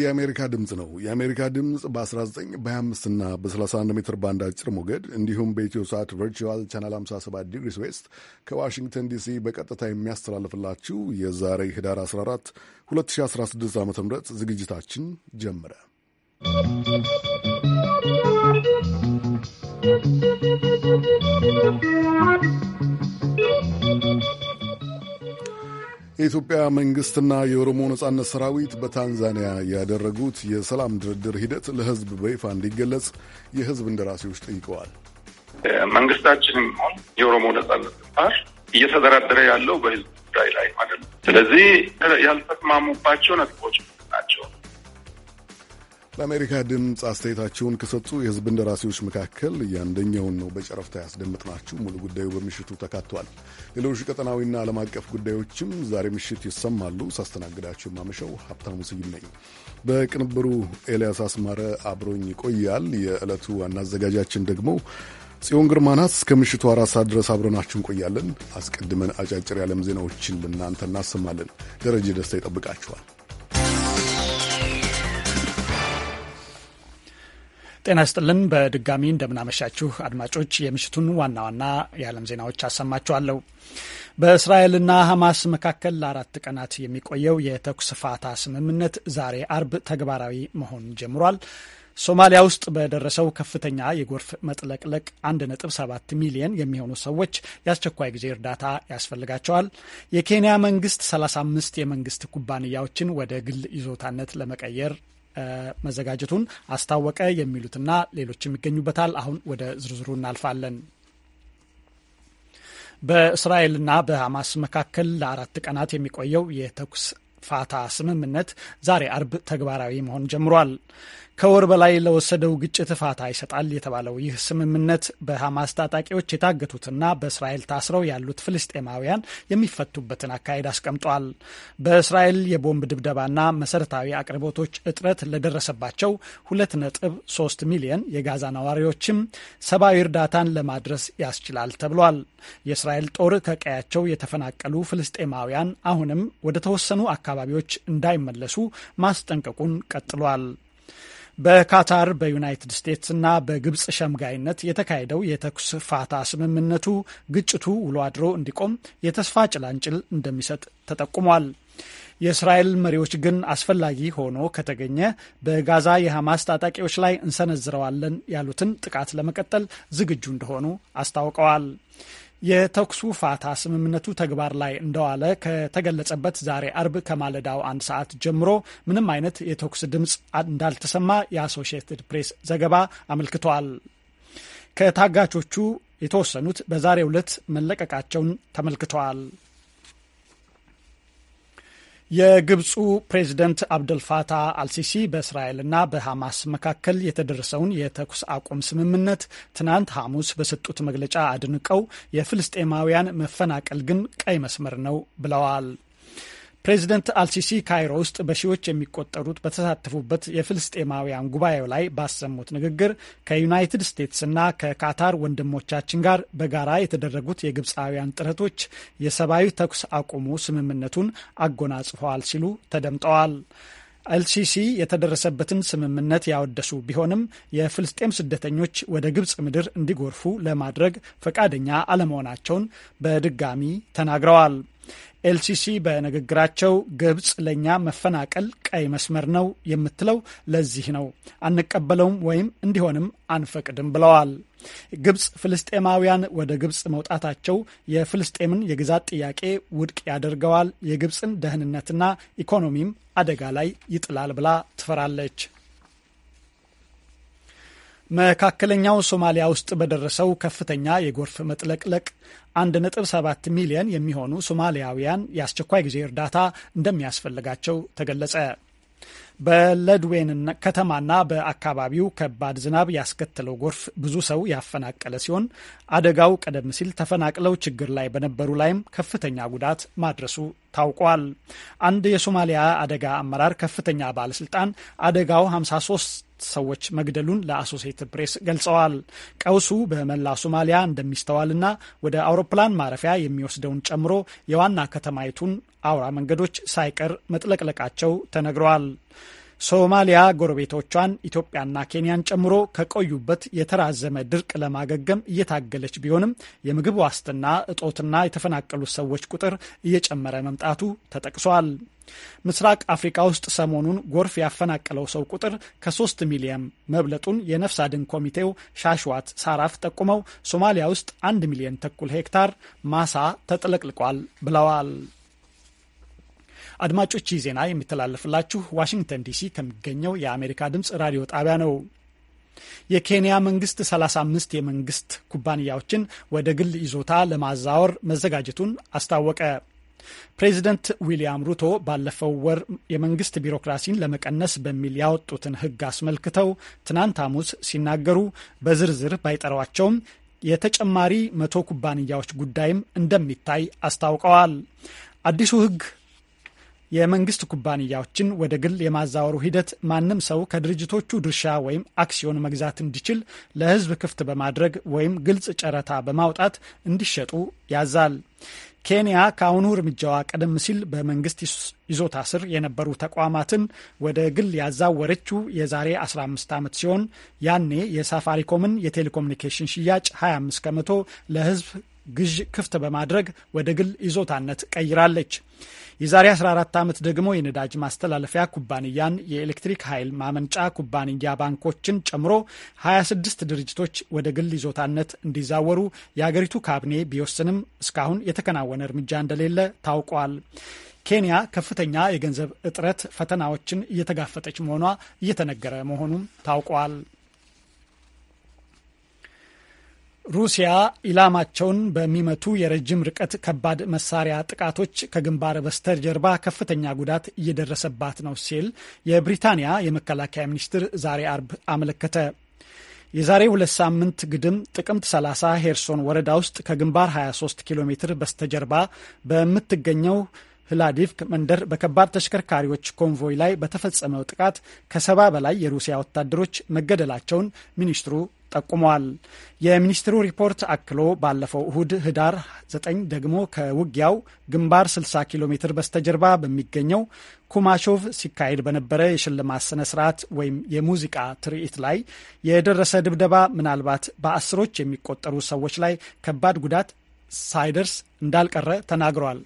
የአሜሪካ ድምፅ ነው። የአሜሪካ ድምፅ በ19 በ25 እና በ31 ሜትር ባንድ አጭር ሞገድ እንዲሁም በኢትዮ ሰዓት ቨርቹዋል ቻናል 57 ዲግሪስ ዌስት ከዋሽንግተን ዲሲ በቀጥታ የሚያስተላልፍላችሁ የዛሬ ህዳር 14 2016 ዓ ም ዝግጅታችን ጀመረ። ¶¶ የኢትዮጵያ መንግሥትና የኦሮሞ ነጻነት ሰራዊት በታንዛኒያ ያደረጉት የሰላም ድርድር ሂደት ለሕዝብ በይፋ እንዲገለጽ የሕዝብ እንደራሴዎች ጠይቀዋል። መንግስታችንም ሆን የኦሮሞ ነጻነት ግንባር እየተደራደረ ያለው በህዝብ ጉዳይ ላይ ነው። ስለዚህ ያልተስማሙባቸው ነጥቦች ናቸው። ለአሜሪካ ድምፅ አስተያየታቸውን ከሰጡ የህዝብ እንደራሴዎች መካከል የአንደኛውን ነው በጨረፍታ ያስደምጥናችሁ። ሙሉ ጉዳዩ በምሽቱ ተካቷል። ሌሎች ቀጠናዊና ዓለም አቀፍ ጉዳዮችም ዛሬ ምሽት ይሰማሉ። ሳስተናግዳችሁ ማመሻው ሀብታሙ ስዩም ነኝ። በቅንብሩ ኤልያስ አስማረ አብሮኝ ይቆያል። የዕለቱ ዋና አዘጋጃችን ደግሞ ጽዮን ግርማ ናት። እስከ ምሽቱ አራት ሰዓት ድረስ አብረናችሁ እንቆያለን። አስቀድመን አጫጭር የዓለም ዜናዎችን ለእናንተ እናሰማለን። ደረጀ ደስታ ይጠብቃችኋል። ጤና ስጥልን በድጋሚ እንደምናመሻችሁ አድማጮች፣ የምሽቱን ዋና ዋና የዓለም ዜናዎች አሰማችኋለሁ። በእስራኤልና ሐማስ መካከል ለአራት ቀናት የሚቆየው የተኩስ ፋታ ስምምነት ዛሬ አርብ ተግባራዊ መሆን ጀምሯል። ሶማሊያ ውስጥ በደረሰው ከፍተኛ የጎርፍ መጥለቅለቅ 1.7 ሚሊየን የሚሆኑ ሰዎች የአስቸኳይ ጊዜ እርዳታ ያስፈልጋቸዋል። የኬንያ መንግስት 35 የመንግስት ኩባንያዎችን ወደ ግል ይዞታነት ለመቀየር መዘጋጀቱን አስታወቀ። የሚሉትና ሌሎችም ይገኙበታል። አሁን ወደ ዝርዝሩ እናልፋለን። በእስራኤልና በሐማስ መካከል ለአራት ቀናት የሚቆየው የተኩስ ፋታ ስምምነት ዛሬ አርብ ተግባራዊ መሆን ጀምሯል። ከወር በላይ ለወሰደው ግጭት ፋታ ይሰጣል የተባለው ይህ ስምምነት በሐማስ ታጣቂዎች የታገቱትና በእስራኤል ታስረው ያሉት ፍልስጤማውያን የሚፈቱበትን አካሄድ አስቀምጧል። በእስራኤል የቦምብ ድብደባና መሰረታዊ አቅርቦቶች እጥረት ለደረሰባቸው 2.3 ሚሊዮን የጋዛ ነዋሪዎችም ሰብአዊ እርዳታን ለማድረስ ያስችላል ተብሏል። የእስራኤል ጦር ከቀያቸው የተፈናቀሉ ፍልስጤማውያን አሁንም ወደ ተወሰኑ አካባቢዎች እንዳይመለሱ ማስጠንቀቁን ቀጥሏል። በካታር በዩናይትድ እና በግብፅ ሸምጋይነት የተካሄደው የተኩስ ፋታ ስምምነቱ ግጭቱ ውሎ አድሮ እንዲቆም የተስፋ ጭላንጭል እንደሚሰጥ ተጠቁሟል። የእስራኤል መሪዎች ግን አስፈላጊ ሆኖ ከተገኘ በጋዛ የሐማስ ታጣቂዎች ላይ እንሰነዝረዋለን ያሉትን ጥቃት ለመቀጠል ዝግጁ እንደሆኑ አስታውቀዋል። የተኩሱ ፋታ ስምምነቱ ተግባር ላይ እንደዋለ ከተገለጸበት ዛሬ አርብ ከማለዳው አንድ ሰዓት ጀምሮ ምንም አይነት የተኩስ ድምፅ እንዳልተሰማ የአሶሺየትድ ፕሬስ ዘገባ አመልክቷል። ከታጋቾቹ የተወሰኑት በዛሬው ዕለት መለቀቃቸውን ተመልክተዋል። የግብፁ ፕሬዝደንት አብደልፋታ አልሲሲ በእስራኤልና በሐማስ መካከል የተደረሰውን የተኩስ አቁም ስምምነት ትናንት ሐሙስ በሰጡት መግለጫ አድንቀው የፍልስጤማውያን መፈናቀል ግን ቀይ መስመር ነው ብለዋል። ፕሬዚደንት አልሲሲ ካይሮ ውስጥ በሺዎች የሚቆጠሩት በተሳተፉበት የፍልስጤማውያን ጉባኤው ላይ ባሰሙት ንግግር ከዩናይትድ እና ከካታር ወንድሞቻችን ጋር በጋራ የተደረጉት የግብፃውያን ጥረቶች የሰብአዊ ተኩስ አቁሙ ስምምነቱን አጎናጽፈዋል ሲሉ ተደምጠዋል። አልሲሲ የተደረሰበትን ስምምነት ያወደሱ ቢሆንም የፍልስጤም ስደተኞች ወደ ግብፅ ምድር እንዲጎርፉ ለማድረግ ፈቃደኛ አለመሆናቸውን በድጋሚ ተናግረዋል። ኤልሲሲ በንግግራቸው ግብጽ ለእኛ መፈናቀል ቀይ መስመር ነው የምትለው ለዚህ ነው፣ አንቀበለውም ወይም እንዲሆንም አንፈቅድም ብለዋል። ግብጽ ፍልስጤማውያን ወደ ግብጽ መውጣታቸው የፍልስጤምን የግዛት ጥያቄ ውድቅ ያደርገዋል፣ የግብጽን ደህንነትና ኢኮኖሚም አደጋ ላይ ይጥላል ብላ ትፈራለች። መካከለኛው ሶማሊያ ውስጥ በደረሰው ከፍተኛ የጎርፍ መጥለቅለቅ 1.7 ሚሊዮን የሚሆኑ ሶማሊያውያን የአስቸኳይ ጊዜ እርዳታ እንደሚያስፈልጋቸው ተገለጸ። በለድዌን ከተማና በአካባቢው ከባድ ዝናብ ያስከተለው ጎርፍ ብዙ ሰው ያፈናቀለ ሲሆን አደጋው ቀደም ሲል ተፈናቅለው ችግር ላይ በነበሩ ላይም ከፍተኛ ጉዳት ማድረሱ ታውቋል። አንድ የሶማሊያ አደጋ አመራር ከፍተኛ ባለስልጣን አደጋው 53 ሰዎች መግደሉን ለአሶሴትድ ፕሬስ ገልጸዋል። ቀውሱ በመላ ሶማሊያ እንደሚስተዋልና ወደ አውሮፕላን ማረፊያ የሚወስደውን ጨምሮ የዋና ከተማይቱን አውራ መንገዶች ሳይቀር መጥለቅለቃቸው ተነግረዋል። ሶማሊያ ጎረቤቶቿን ኢትዮጵያና ኬንያን ጨምሮ ከቆዩበት የተራዘመ ድርቅ ለማገገም እየታገለች ቢሆንም የምግብ ዋስትና እጦትና የተፈናቀሉት ሰዎች ቁጥር እየጨመረ መምጣቱ ተጠቅሷል። ምስራቅ አፍሪካ ውስጥ ሰሞኑን ጎርፍ ያፈናቀለው ሰው ቁጥር ከሶስት ሚሊየን መብለጡን የነፍስ አድን ኮሚቴው ሻሽዋት ሳራፍ ጠቁመው ሶማሊያ ውስጥ አንድ ሚሊየን ተኩል ሄክታር ማሳ ተጥለቅልቋል ብለዋል። አድማጮች ይህ ዜና የሚተላለፍላችሁ ዋሽንግተን ዲሲ ከሚገኘው የአሜሪካ ድምፅ ራዲዮ ጣቢያ ነው። የኬንያ መንግስት 35 የመንግስት ኩባንያዎችን ወደ ግል ይዞታ ለማዛወር መዘጋጀቱን አስታወቀ። ፕሬዚደንት ዊሊያም ሩቶ ባለፈው ወር የመንግስት ቢሮክራሲን ለመቀነስ በሚል ያወጡትን ህግ አስመልክተው ትናንት ሐሙስ ሲናገሩ በዝርዝር ባይጠሯቸውም የተጨማሪ መቶ ኩባንያዎች ጉዳይም እንደሚታይ አስታውቀዋል። አዲሱ ህግ የመንግስት ኩባንያዎችን ወደ ግል የማዛወሩ ሂደት ማንም ሰው ከድርጅቶቹ ድርሻ ወይም አክሲዮን መግዛት እንዲችል ለህዝብ ክፍት በማድረግ ወይም ግልጽ ጨረታ በማውጣት እንዲሸጡ ያዛል። ኬንያ ከአሁኑ እርምጃዋ ቀደም ሲል በመንግስት ይዞታ ስር የነበሩ ተቋማትን ወደ ግል ያዛወረችው የዛሬ 15 ዓመት ሲሆን ያኔ የሳፋሪኮምን የቴሌኮሙኒኬሽን ሽያጭ 25 ከመቶ ለህዝብ ግዥ ክፍት በማድረግ ወደ ግል ይዞታነት ቀይራለች። የዛሬ 14 ዓመት ደግሞ የነዳጅ ማስተላለፊያ ኩባንያን፣ የኤሌክትሪክ ኃይል ማመንጫ ኩባንያ ባንኮችን ጨምሮ 26 ድርጅቶች ወደ ግል ይዞታነት እንዲዛወሩ የአገሪቱ ካቢኔ ቢወስንም እስካሁን የተከናወነ እርምጃ እንደሌለ ታውቋል። ኬንያ ከፍተኛ የገንዘብ እጥረት ፈተናዎችን እየተጋፈጠች መሆኗ እየተነገረ መሆኑም ታውቋል። ሩሲያ ኢላማቸውን በሚመቱ የረጅም ርቀት ከባድ መሳሪያ ጥቃቶች ከግንባር በስተጀርባ ከፍተኛ ጉዳት እየደረሰባት ነው ሲል የብሪታንያ የመከላከያ ሚኒስትር ዛሬ አርብ አመለከተ። የዛሬ ሁለት ሳምንት ግድም ጥቅምት 30 ሄርሶን ወረዳ ውስጥ ከግንባር 23 ኪሎ ሜትር በስተጀርባ በምትገኘው ህላዲቭክ መንደር በከባድ ተሽከርካሪዎች ኮንቮይ ላይ በተፈጸመው ጥቃት ከሰባ በላይ የሩሲያ ወታደሮች መገደላቸውን ሚኒስትሩ ጠቁመዋል። የሚኒስትሩ ሪፖርት አክሎ ባለፈው እሁድ ህዳር 9 ደግሞ ከውጊያው ግንባር 60 ኪሎ ሜትር በስተጀርባ በሚገኘው ኩማሾቭ ሲካሄድ በነበረ የሽልማት ስነ ስርዓት ወይም የሙዚቃ ትርኢት ላይ የደረሰ ድብደባ ምናልባት በአስሮች የሚቆጠሩ ሰዎች ላይ ከባድ ጉዳት ሳይደርስ እንዳልቀረ ተናግረዋል።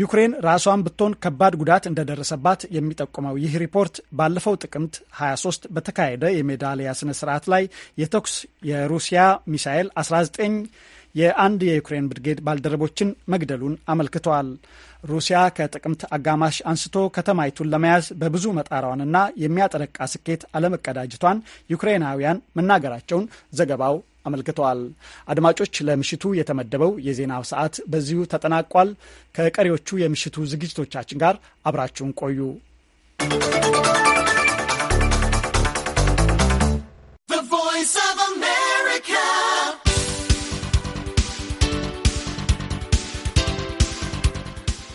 ዩክሬን ራሷን ብትሆን ከባድ ጉዳት እንደደረሰባት የሚጠቁመው ይህ ሪፖርት ባለፈው ጥቅምት 23 በተካሄደ የሜዳሊያ ስነ ስርዓት ላይ የተኩስ የሩሲያ ሚሳኤል 19 የአንድ የዩክሬን ብርጌድ ባልደረቦችን መግደሉን አመልክተዋል። ሩሲያ ከጥቅምት አጋማሽ አንስቶ ከተማይቱን ለመያዝ በብዙ መጣሯንና የሚያጠረቃ ስኬት አለመቀዳጅቷን ዩክሬናውያን መናገራቸውን ዘገባው አመልክተዋል። አድማጮች፣ ለምሽቱ የተመደበው የዜናው ሰዓት በዚሁ ተጠናቋል። ከቀሪዎቹ የምሽቱ ዝግጅቶቻችን ጋር አብራችሁን ቆዩ።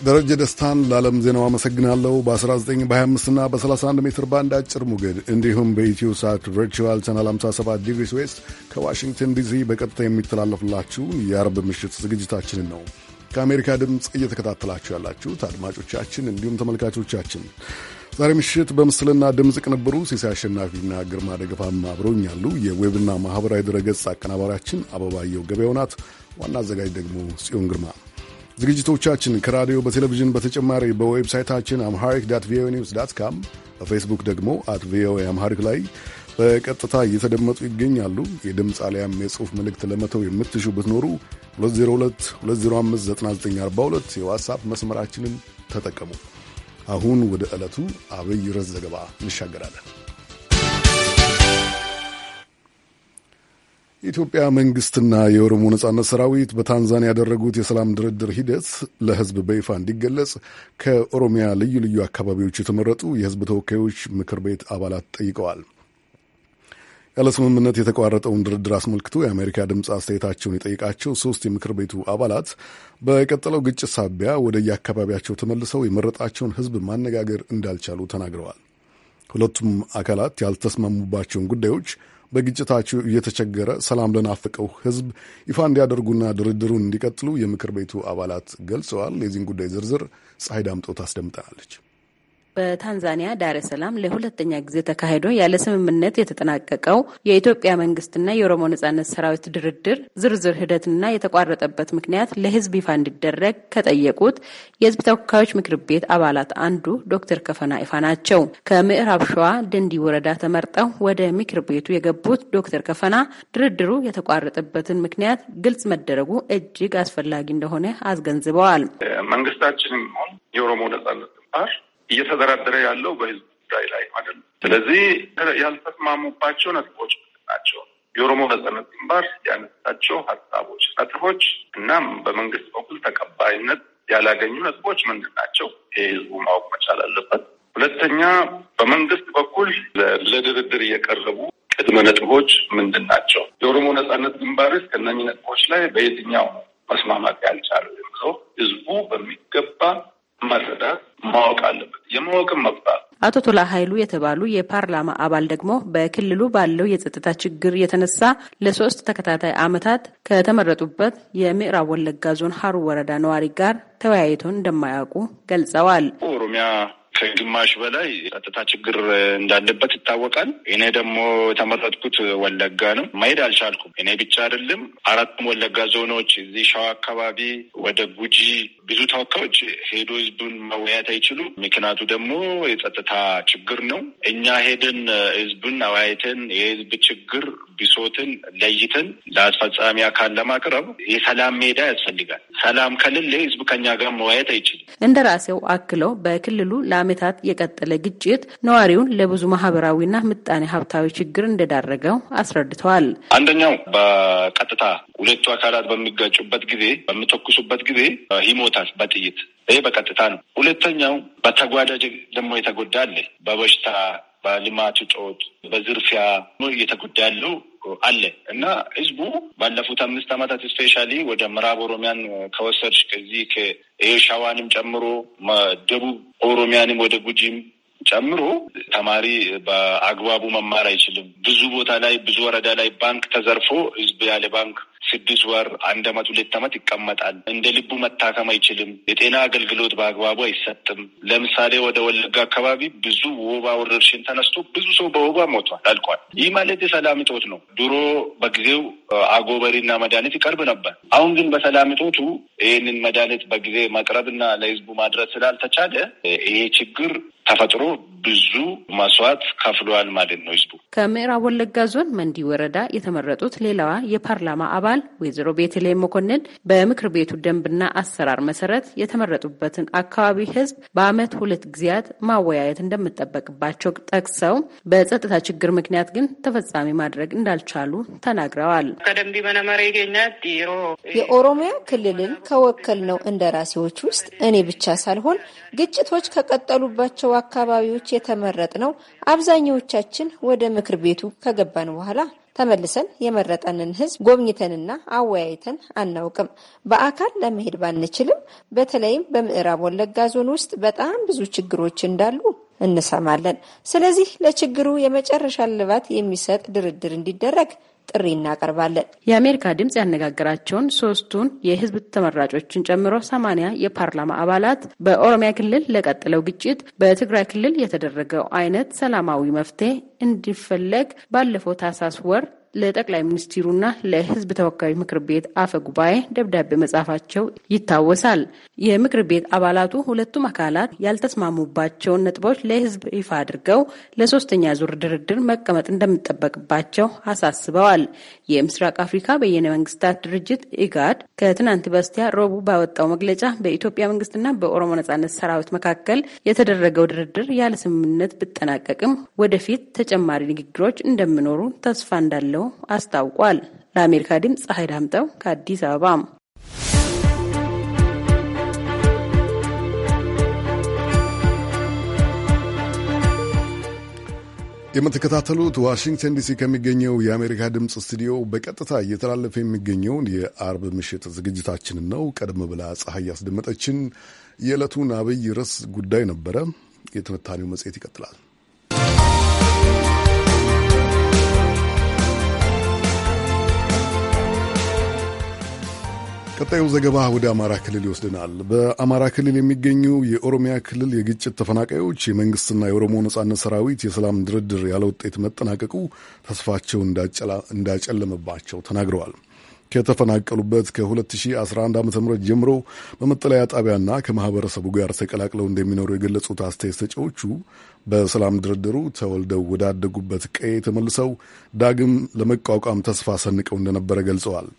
ደረጀ ደስታን ለዓለም ዜናው አመሰግናለሁ። በ19 በ25ና በ31 ሜትር ባንድ አጭር ሞገድ እንዲሁም በኢትዮ ሳት ቨርቹዋል ቻናል 57 ዲግሪስ ዌስት ከዋሽንግተን ዲሲ በቀጥታ የሚተላለፍላችሁን የአርብ ምሽት ዝግጅታችንን ነው ከአሜሪካ ድምፅ እየተከታተላችሁ ያላችሁት አድማጮቻችን፣ እንዲሁም ተመልካቾቻችን። ዛሬ ምሽት በምስልና ድምፅ ቅንብሩ ሲሴ አሸናፊና ግርማ ደገፋም ያሉ የዌብና ማኅበራዊ ድረገጽ አቀናባሪያችን አበባየው ገበያው ናት። ዋና አዘጋጅ ደግሞ ጽዮን ግርማ ዝግጅቶቻችን ከራዲዮ በቴሌቪዥን በተጨማሪ በዌብሳይታችን አምሃሪክ ዳት ቪኦኤ ኒውስ ዳት ካም በፌስቡክ ደግሞ አት ቪኦኤ አምሃሪክ ላይ በቀጥታ እየተደመጡ ይገኛሉ። የድምፅ አሊያም የጽሑፍ መልእክት ለመተው የምትሹ ብትኖሩ 2022059942 የዋትሳፕ መስመራችንን ተጠቀሙ። አሁን ወደ ዕለቱ አብይ ርዕስ ዘገባ እንሻገራለን። የኢትዮጵያ መንግስትና የኦሮሞ ነጻነት ሰራዊት በታንዛኒያ ያደረጉት የሰላም ድርድር ሂደት ለህዝብ በይፋ እንዲገለጽ ከኦሮሚያ ልዩ ልዩ አካባቢዎች የተመረጡ የህዝብ ተወካዮች ምክር ቤት አባላት ጠይቀዋል። ያለ ስምምነት የተቋረጠውን ድርድር አስመልክቶ የአሜሪካ ድምፅ አስተያየታቸውን የጠየቃቸው ሶስት የምክር ቤቱ አባላት በቀጠለው ግጭት ሳቢያ ወደ የአካባቢያቸው ተመልሰው የመረጣቸውን ህዝብ ማነጋገር እንዳልቻሉ ተናግረዋል። ሁለቱም አካላት ያልተስማሙባቸውን ጉዳዮች በግጭታቸው እየተቸገረ ሰላም ለናፈቀው ህዝብ ይፋ እንዲያደርጉና ድርድሩን እንዲቀጥሉ የምክር ቤቱ አባላት ገልጸዋል። የዚህን ጉዳይ ዝርዝር ፀሐይ ዳምጦ ታስደምጠናለች። በታንዛኒያ ዳረ ሰላም ለሁለተኛ ጊዜ ተካሂዶ ያለ ስምምነት የተጠናቀቀው የኢትዮጵያ መንግስትና የኦሮሞ ነጻነት ሰራዊት ድርድር ዝርዝር ሂደትና የተቋረጠበት ምክንያት ለህዝብ ይፋ እንዲደረግ ከጠየቁት የህዝብ ተወካዮች ምክር ቤት አባላት አንዱ ዶክተር ከፈና ይፋ ናቸው። ከምዕራብ ሸዋ ድንዲ ወረዳ ተመርጠው ወደ ምክር ቤቱ የገቡት ዶክተር ከፈና ድርድሩ የተቋረጠበትን ምክንያት ግልጽ መደረጉ እጅግ አስፈላጊ እንደሆነ አስገንዝበዋል። መንግስታችንም የኦሮሞ ነጻነት ግንባር እየተደራደረ ያለው በህዝብ ጉዳይ ላይ ማለት ነው። ስለዚህ ያልተስማሙባቸው ነጥቦች ናቸው። የኦሮሞ ነጻነት ግንባር ያነሳቸው ሀሳቦች፣ ነጥቦች እናም በመንግስት በኩል ተቀባይነት ያላገኙ ነጥቦች ምንድን ናቸው? ይህ ህዝቡ ማወቅ መቻል አለበት። ሁለተኛ በመንግስት በኩል ለድርድር እየቀረቡ ቅድመ ነጥቦች ምንድን ናቸው? የኦሮሞ ነጻነት ግንባርስ ከእነኚህ ነጥቦች ላይ በየትኛው መስማማት ያልቻለ ብሎ ህዝቡ በሚገባ መረዳት ማወቅ አለበት። የማወቅም መብት አቶ ቶላ ኃይሉ የተባሉ የፓርላማ አባል ደግሞ በክልሉ ባለው የጸጥታ ችግር የተነሳ ለሶስት ተከታታይ ዓመታት ከተመረጡበት የምዕራብ ወለጋ ዞን ሀሩ ወረዳ ነዋሪ ጋር ተወያይቶን እንደማያውቁ ገልጸዋል። ኦሮሚያ ከግማሽ በላይ ጸጥታ ችግር እንዳለበት ይታወቃል። እኔ ደግሞ የተመረጥኩት ወለጋ ነው። መሄድ አልቻልኩም። እኔ ብቻ አይደለም፣ አራቱም ወለጋ ዞኖች እዚህ ሸዋ አካባቢ ወደ ጉጂ ብዙ ተወካዮች ሄዶ ህዝቡን መወያየት አይችሉም። ምክንያቱ ደግሞ የጸጥታ ችግር ነው። እኛ ሄደን ህዝቡን አወያይተን የህዝብ ችግር ብሶትን ለይትን ለአስፈጻሚ አካል ለማቅረብ የሰላም ሜዳ ያስፈልጋል። ሰላም ከሌለ ህዝብ ከኛ ጋር መዋየት አይችልም። እንደራሴው አክለው በክልሉ ለዓመታት የቀጠለ ግጭት ነዋሪውን ለብዙ ማህበራዊና ምጣኔ ሀብታዊ ችግር እንደዳረገው አስረድተዋል። አንደኛው በቀጥታ ሁለቱ አካላት በሚጋጩበት ጊዜ በሚተኩሱበት ጊዜ ይሞታል በጥይት ይሄ በቀጥታ ነው። ሁለተኛው በተጓዳጅ ደግሞ የተጎዳ አለ በበሽታ በልማት እጦት በዝርፊያ እየተጎዳ ያለው አለ እና ህዝቡ ባለፉት አምስት አመታት ስፔሻሊ ወደ ምዕራብ ኦሮሚያን ከወሰድሽ ከዚህ ከኤሻዋንም ጨምሮ ደቡብ ኦሮሚያንም ወደ ጉጂም ጨምሮ ተማሪ በአግባቡ መማር አይችልም። ብዙ ቦታ ላይ ብዙ ወረዳ ላይ ባንክ ተዘርፎ ህዝብ ያለ ባንክ ስድስት ወር፣ አንድ አመት፣ ሁለት አመት ይቀመጣል። እንደ ልቡ መታከም አይችልም። የጤና አገልግሎት በአግባቡ አይሰጥም። ለምሳሌ ወደ ወለጋ አካባቢ ብዙ ወባ ወረርሽኝ ተነስቶ ብዙ ሰው በወባ ሞቷል፣ አልቋል። ይህ ማለት የሰላም እጦት ነው። ድሮ በጊዜው አጎበሪና መድኃኒት ይቀርብ ነበር። አሁን ግን በሰላም እጦቱ ይህንን መድኃኒት በጊዜ መቅረብና ለህዝቡ ማድረስ ስላልተቻለ ይሄ ችግር ተፈጥሮ ብዙ መስዋዕት ከፍሏል ማለት ነው ህዝቡ። ከምዕራብ ወለጋ ዞን መንዲ ወረዳ የተመረጡት ሌላዋ የፓርላማ አባል አባል ወይዘሮ ቤተልሔም መኮንን በምክር ቤቱ ደንብና አሰራር መሰረት የተመረጡበትን አካባቢ ህዝብ በአመት ሁለት ጊዜያት ማወያየት እንደምጠበቅባቸው ጠቅሰው በጸጥታ ችግር ምክንያት ግን ተፈጻሚ ማድረግ እንዳልቻሉ ተናግረዋል። የኦሮሚያ ክልልን ከወከልነው እንደራሴዎች ውስጥ እኔ ብቻ ሳልሆን ግጭቶች ከቀጠሉባቸው አካባቢዎች የተመረጥ ነው። አብዛኛዎቻችን ወደ ምክር ቤቱ ከገባን በኋላ ተመልሰን የመረጠንን ህዝብ ጎብኝተንና አወያይተን አናውቅም። በአካል ለመሄድ ባንችልም በተለይም በምዕራብ ወለጋ ዞን ውስጥ በጣም ብዙ ችግሮች እንዳሉ እንሰማለን። ስለዚህ ለችግሩ የመጨረሻ ልባት የሚሰጥ ድርድር እንዲደረግ ጥሪ እናቀርባለን። የአሜሪካ ድምጽ ያነጋገራቸውን ሶስቱን የህዝብ ተመራጮችን ጨምሮ ሰማንያ የፓርላማ አባላት በኦሮሚያ ክልል ለቀጥለው ግጭት በትግራይ ክልል የተደረገው አይነት ሰላማዊ መፍትሄ እንዲፈለግ ባለፈው ታህሳስ ወር ለጠቅላይ ሚኒስትሩና ለሕዝብ ተወካዮች ምክር ቤት አፈ ጉባኤ ደብዳቤ መጻፋቸው ይታወሳል። የምክር ቤት አባላቱ ሁለቱም አካላት ያልተስማሙባቸውን ነጥቦች ለሕዝብ ይፋ አድርገው ለሶስተኛ ዙር ድርድር መቀመጥ እንደሚጠበቅባቸው አሳስበዋል። የምስራቅ አፍሪካ በየነ መንግስታት ድርጅት ኢጋድ ከትናንት በስቲያ ረቡዕ ባወጣው መግለጫ በኢትዮጵያ መንግስትና በኦሮሞ ነጻነት ሰራዊት መካከል የተደረገው ድርድር ያለ ስምምነት ብጠናቀቅም ወደፊት ተጨማሪ ንግግሮች እንደሚኖሩ ተስፋ እንዳለው እንደሚለው አስታውቋል። ለአሜሪካ ድምፅ ፀሐይ ዳምጠው ከአዲስ አበባ። የምትከታተሉት ዋሽንግተን ዲሲ ከሚገኘው የአሜሪካ ድምፅ ስቱዲዮ በቀጥታ እየተላለፈ የሚገኘውን የአርብ ምሽት ዝግጅታችንን ነው። ቀደም ብላ ፀሐይ ያስደመጠችን የዕለቱን አብይ ርዕስ ጉዳይ ነበረ። የትንታኔው መጽሔት ይቀጥላል። ቀጣዩ ዘገባ ወደ አማራ ክልል ይወስድናል። በአማራ ክልል የሚገኙ የኦሮሚያ ክልል የግጭት ተፈናቃዮች የመንግስትና የኦሮሞ ነጻነት ሰራዊት የሰላም ድርድር ያለ ውጤት መጠናቀቁ ተስፋቸው እንዳጨለመባቸው ተናግረዋል። ከተፈናቀሉበት ከ2011 ዓ ም ጀምሮ በመጠለያ ጣቢያና ከማህበረሰቡ ጋር ተቀላቅለው እንደሚኖሩ የገለጹት አስተያየት ሰጪዎቹ በሰላም ድርድሩ ተወልደው ወዳደጉበት ቀዬ ተመልሰው ዳግም ለመቋቋም ተስፋ ሰንቀው እንደነበረ ገልጸዋል።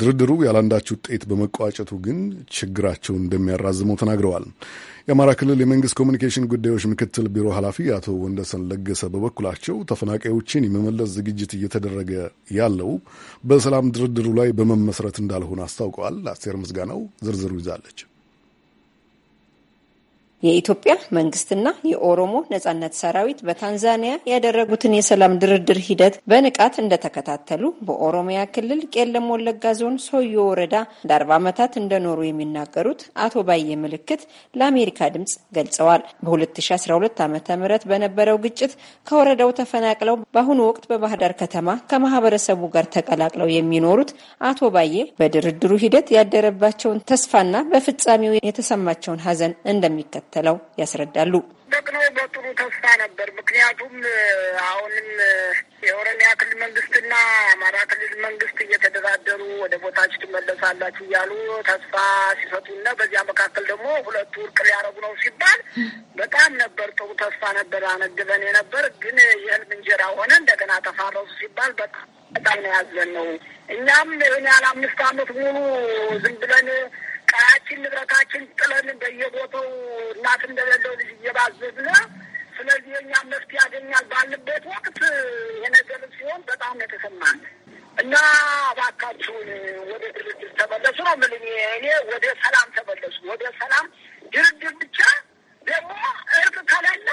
ድርድሩ ያላንዳች ውጤት በመቋጨቱ ግን ችግራቸውን እንደሚያራዝመው ተናግረዋል። የአማራ ክልል የመንግስት ኮሚኒኬሽን ጉዳዮች ምክትል ቢሮ ኃላፊ አቶ ወንደሰን ለገሰ በበኩላቸው ተፈናቃዮችን የመመለስ ዝግጅት እየተደረገ ያለው በሰላም ድርድሩ ላይ በመመስረት እንዳልሆነ አስታውቀዋል። አስቴር ምስጋናው ዝርዝሩ ይዛለች። የኢትዮጵያ መንግስትና የኦሮሞ ነጻነት ሰራዊት በታንዛኒያ ያደረጉትን የሰላም ድርድር ሂደት በንቃት እንደተከታተሉ በኦሮሚያ ክልል ቄለም ወለጋ ዞን ሶዮ ወረዳ ለአርባ ዓመታት እንደኖሩ የሚናገሩት አቶ ባየ ምልክት ለአሜሪካ ድምጽ ገልጸዋል። በ2012 ዓ ም በነበረው ግጭት ከወረዳው ተፈናቅለው በአሁኑ ወቅት በባህር ዳር ከተማ ከማህበረሰቡ ጋር ተቀላቅለው የሚኖሩት አቶ ባየ በድርድሩ ሂደት ያደረባቸውን ተስፋና በፍጻሜው የተሰማቸውን ሀዘን እንደሚከተል እንደሚከተለው ያስረዳሉ። ደግሞ በጥሩ ተስፋ ነበር። ምክንያቱም አሁንም የኦሮሚያ ክልል መንግስትና አማራ ክልል መንግስት እየተደራደሩ ወደ ቦታች ትመለሳላችሁ እያሉ ተስፋ ሲሰጡና በዚያ መካከል ደግሞ ሁለቱ እርቅ ሊያረጉ ነው ሲባል በጣም ነበር ጥሩ ተስፋ ነበር አነግበን የነበር ግን የህልም እንጀራ ሆነ። እንደገና ተፋረሱ ሲባል በጣም ነው ያዘን ነው። እኛም ይህን ያህል አምስት አመት ሙሉ ዝም ብለን ቤታችን ንብረታችን ጥለን በየቦታው እናት እንደሌለው ልጅ እየባዘዝነ ስለዚህ የኛ መፍትሄ ያገኛል ባልበት ወቅት የነገር ሲሆን በጣም የተሰማን እና እባካችሁን ወደ ድርድር ተመለሱ ነው የምልህ። እኔ ወደ ሰላም ተመለሱ፣ ወደ ሰላም ድርድር ብቻ ደግሞ እርቅ ከሌለ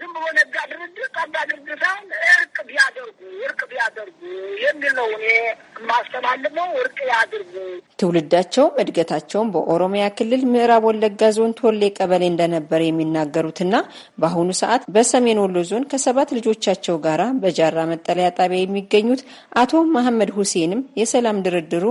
ዝም ብሎ ነጋ ድርድር ጠጋ ድርድርሳን እርቅ ቢያደርጉ እርቅ ቢያደርጉ የሚል ነው እኔ የማስተላልፈው። እርቅ ያድርጉ። ትውልዳቸውም እድገታቸውም በኦሮሚያ ክልል ምዕራብ ወለጋ ዞን ቶሌ ቀበሌ እንደነበረ የሚናገሩትና በአሁኑ ሰዓት በሰሜን ወሎ ዞን ከሰባት ልጆቻቸው ጋራ በጃራ መጠለያ ጣቢያ የሚገኙት አቶ መሐመድ ሁሴንም የሰላም ድርድሩ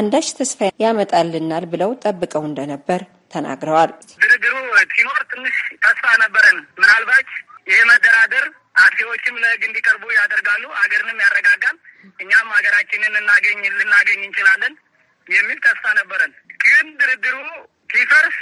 አንዳች ተስፋ ያመጣልናል ብለው ጠብቀው እንደነበር ተናግረዋል። ድርድሩ ሲኖር ትንሽ ተስፋ ነበረን። ምናልባት ይህ መደራደር አርሲዎችም ለህግ እንዲቀርቡ ያደርጋሉ፣ አገርንም ያረጋጋል፣ እኛም ሀገራችንን ልናገኝ ልናገኝ እንችላለን የሚል ተስፋ ነበረን። ግን ድርድሩ ሲፈርስ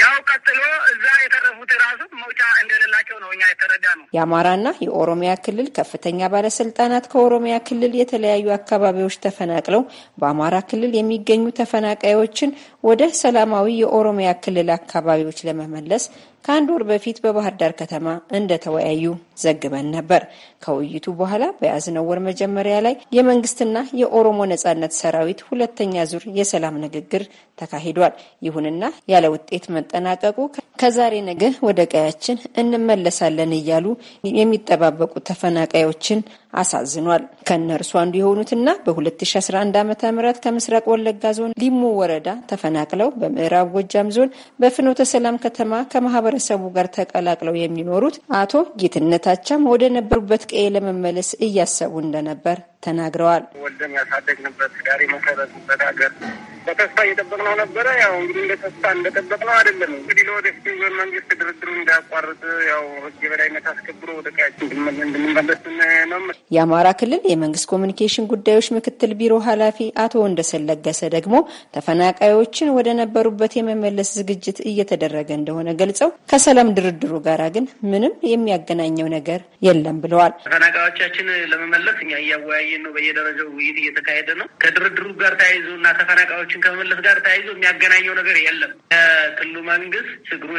ያው ቀጥሎ እዛ የተረፉት ራሱ መውጫ እንደሌላቸው ነው እኛ የተረዳ ነው። የአማራና የኦሮሚያ ክልል ከፍተኛ ባለስልጣናት ከኦሮሚያ ክልል የተለያዩ አካባቢዎች ተፈናቅለው በአማራ ክልል የሚገኙ ተፈናቃዮችን ወደ ሰላማዊ የኦሮሚያ ክልል አካባቢዎች ለመመለስ ከአንድ ወር በፊት በባህር ዳር ከተማ እንደተወያዩ ዘግበን ነበር። ከውይይቱ በኋላ በያዝነው ወር መጀመሪያ ላይ የመንግስትና የኦሮሞ ነጻነት ሰራዊት ሁለተኛ ዙር የሰላም ንግግር ተካሂዷል። ይሁንና ያለ ውጤት መጠናቀቁ ከዛሬ ነገ ወደ ቀያችን እንመለሳለን እያሉ የሚጠባበቁ ተፈናቃዮችን አሳዝኗል። ከእነርሱ አንዱ የሆኑትና በ2011 ዓ ም ከምስራቅ ወለጋ ዞን ሊሙ ወረዳ ተፈናቅለው በምዕራብ ጎጃም ዞን በፍኖተ ሰላም ከተማ ከማህበረሰቡ ጋር ተቀላቅለው የሚኖሩት አቶ ጌትነታቻም ወደ ነበሩበት ቀዬ ለመመለስ እያሰቡ እንደነበር ተናግረዋል። ወልደን ያሳደግንበት ጋር የመሰረትንበት ሀገር በተስፋ እየጠበቅነው ነበረ። ያው እንግዲህ እንደ ተስፋ እንደጠበቅነው አይደለም። እንግዲህ ለወደፊት በመንግስት ድርድሩ እንዳያቋርጥ ያው ህግ የበላይነት አስከብሮ ወደ ቀያችን እንድንመለስ ነው። የአማራ ክልል የመንግስት ኮሚኒኬሽን ጉዳዮች ምክትል ቢሮ ኃላፊ አቶ ወንደሰን ለገሰ ደግሞ ተፈናቃዮችን ወደ ነበሩበት የመመለስ ዝግጅት እየተደረገ እንደሆነ ገልጸው ከሰላም ድርድሩ ጋር ግን ምንም የሚያገናኘው ነገር የለም ብለዋል። ተፈናቃዮቻችን ለመመለስ እኛ እያወያየ እያየን ነው። በየደረጃው ውይይት እየተካሄደ ነው። ከድርድሩ ጋር ተያይዞ እና ተፈናቃዮችን ከመመለስ ጋር ተያይዞ የሚያገናኘው ነገር የለም። የክልሉ መንግስት ችግሩ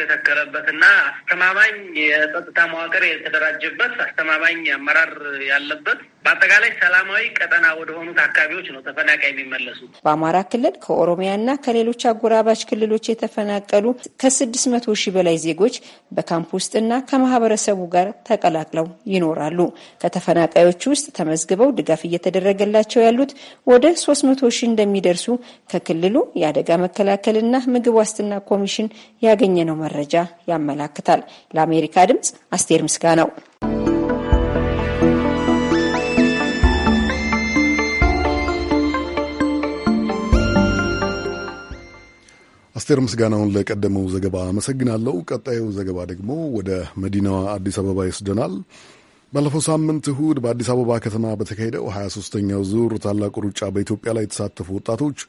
እና አስተማማኝ የጸጥታ መዋቅር የተደራጀበት አስተማማኝ አመራር ያለበት በአጠቃላይ ሰላማዊ ቀጠና ወደ ሆኑት አካባቢዎች ነው ተፈናቃይ የሚመለሱት። በአማራ ክልል ከኦሮሚያና ከሌሎች አጎራባች ክልሎች የተፈናቀሉ ከስድስት መቶ ሺህ በላይ ዜጎች በካምፕ ውስጥና ከማህበረሰቡ ጋር ተቀላቅለው ይኖራሉ። ከተፈናቃዮች ውስጥ ተመዝግበው ድጋፍ እየተደረገላቸው ያሉት ወደ ሶስት መቶ ሺህ እንደሚደርሱ ከክልሉ የአደጋ መከላከልና ምግብ ዋስትና ኮሚሽን ያገኘነው መረጃ ያመላክታል። ለአሜሪካ ድምጽ አስቴር ምስጋ ነው። አስቴር ምስጋናውን ለቀደመው ዘገባ አመሰግናለሁ። ቀጣዩ ዘገባ ደግሞ ወደ መዲናዋ አዲስ አበባ ይወስደናል። ባለፈው ሳምንት እሁድ በአዲስ አበባ ከተማ በተካሄደው 23ኛው ዙር ታላቁ ሩጫ በኢትዮጵያ ላይ የተሳተፉ ወጣቶች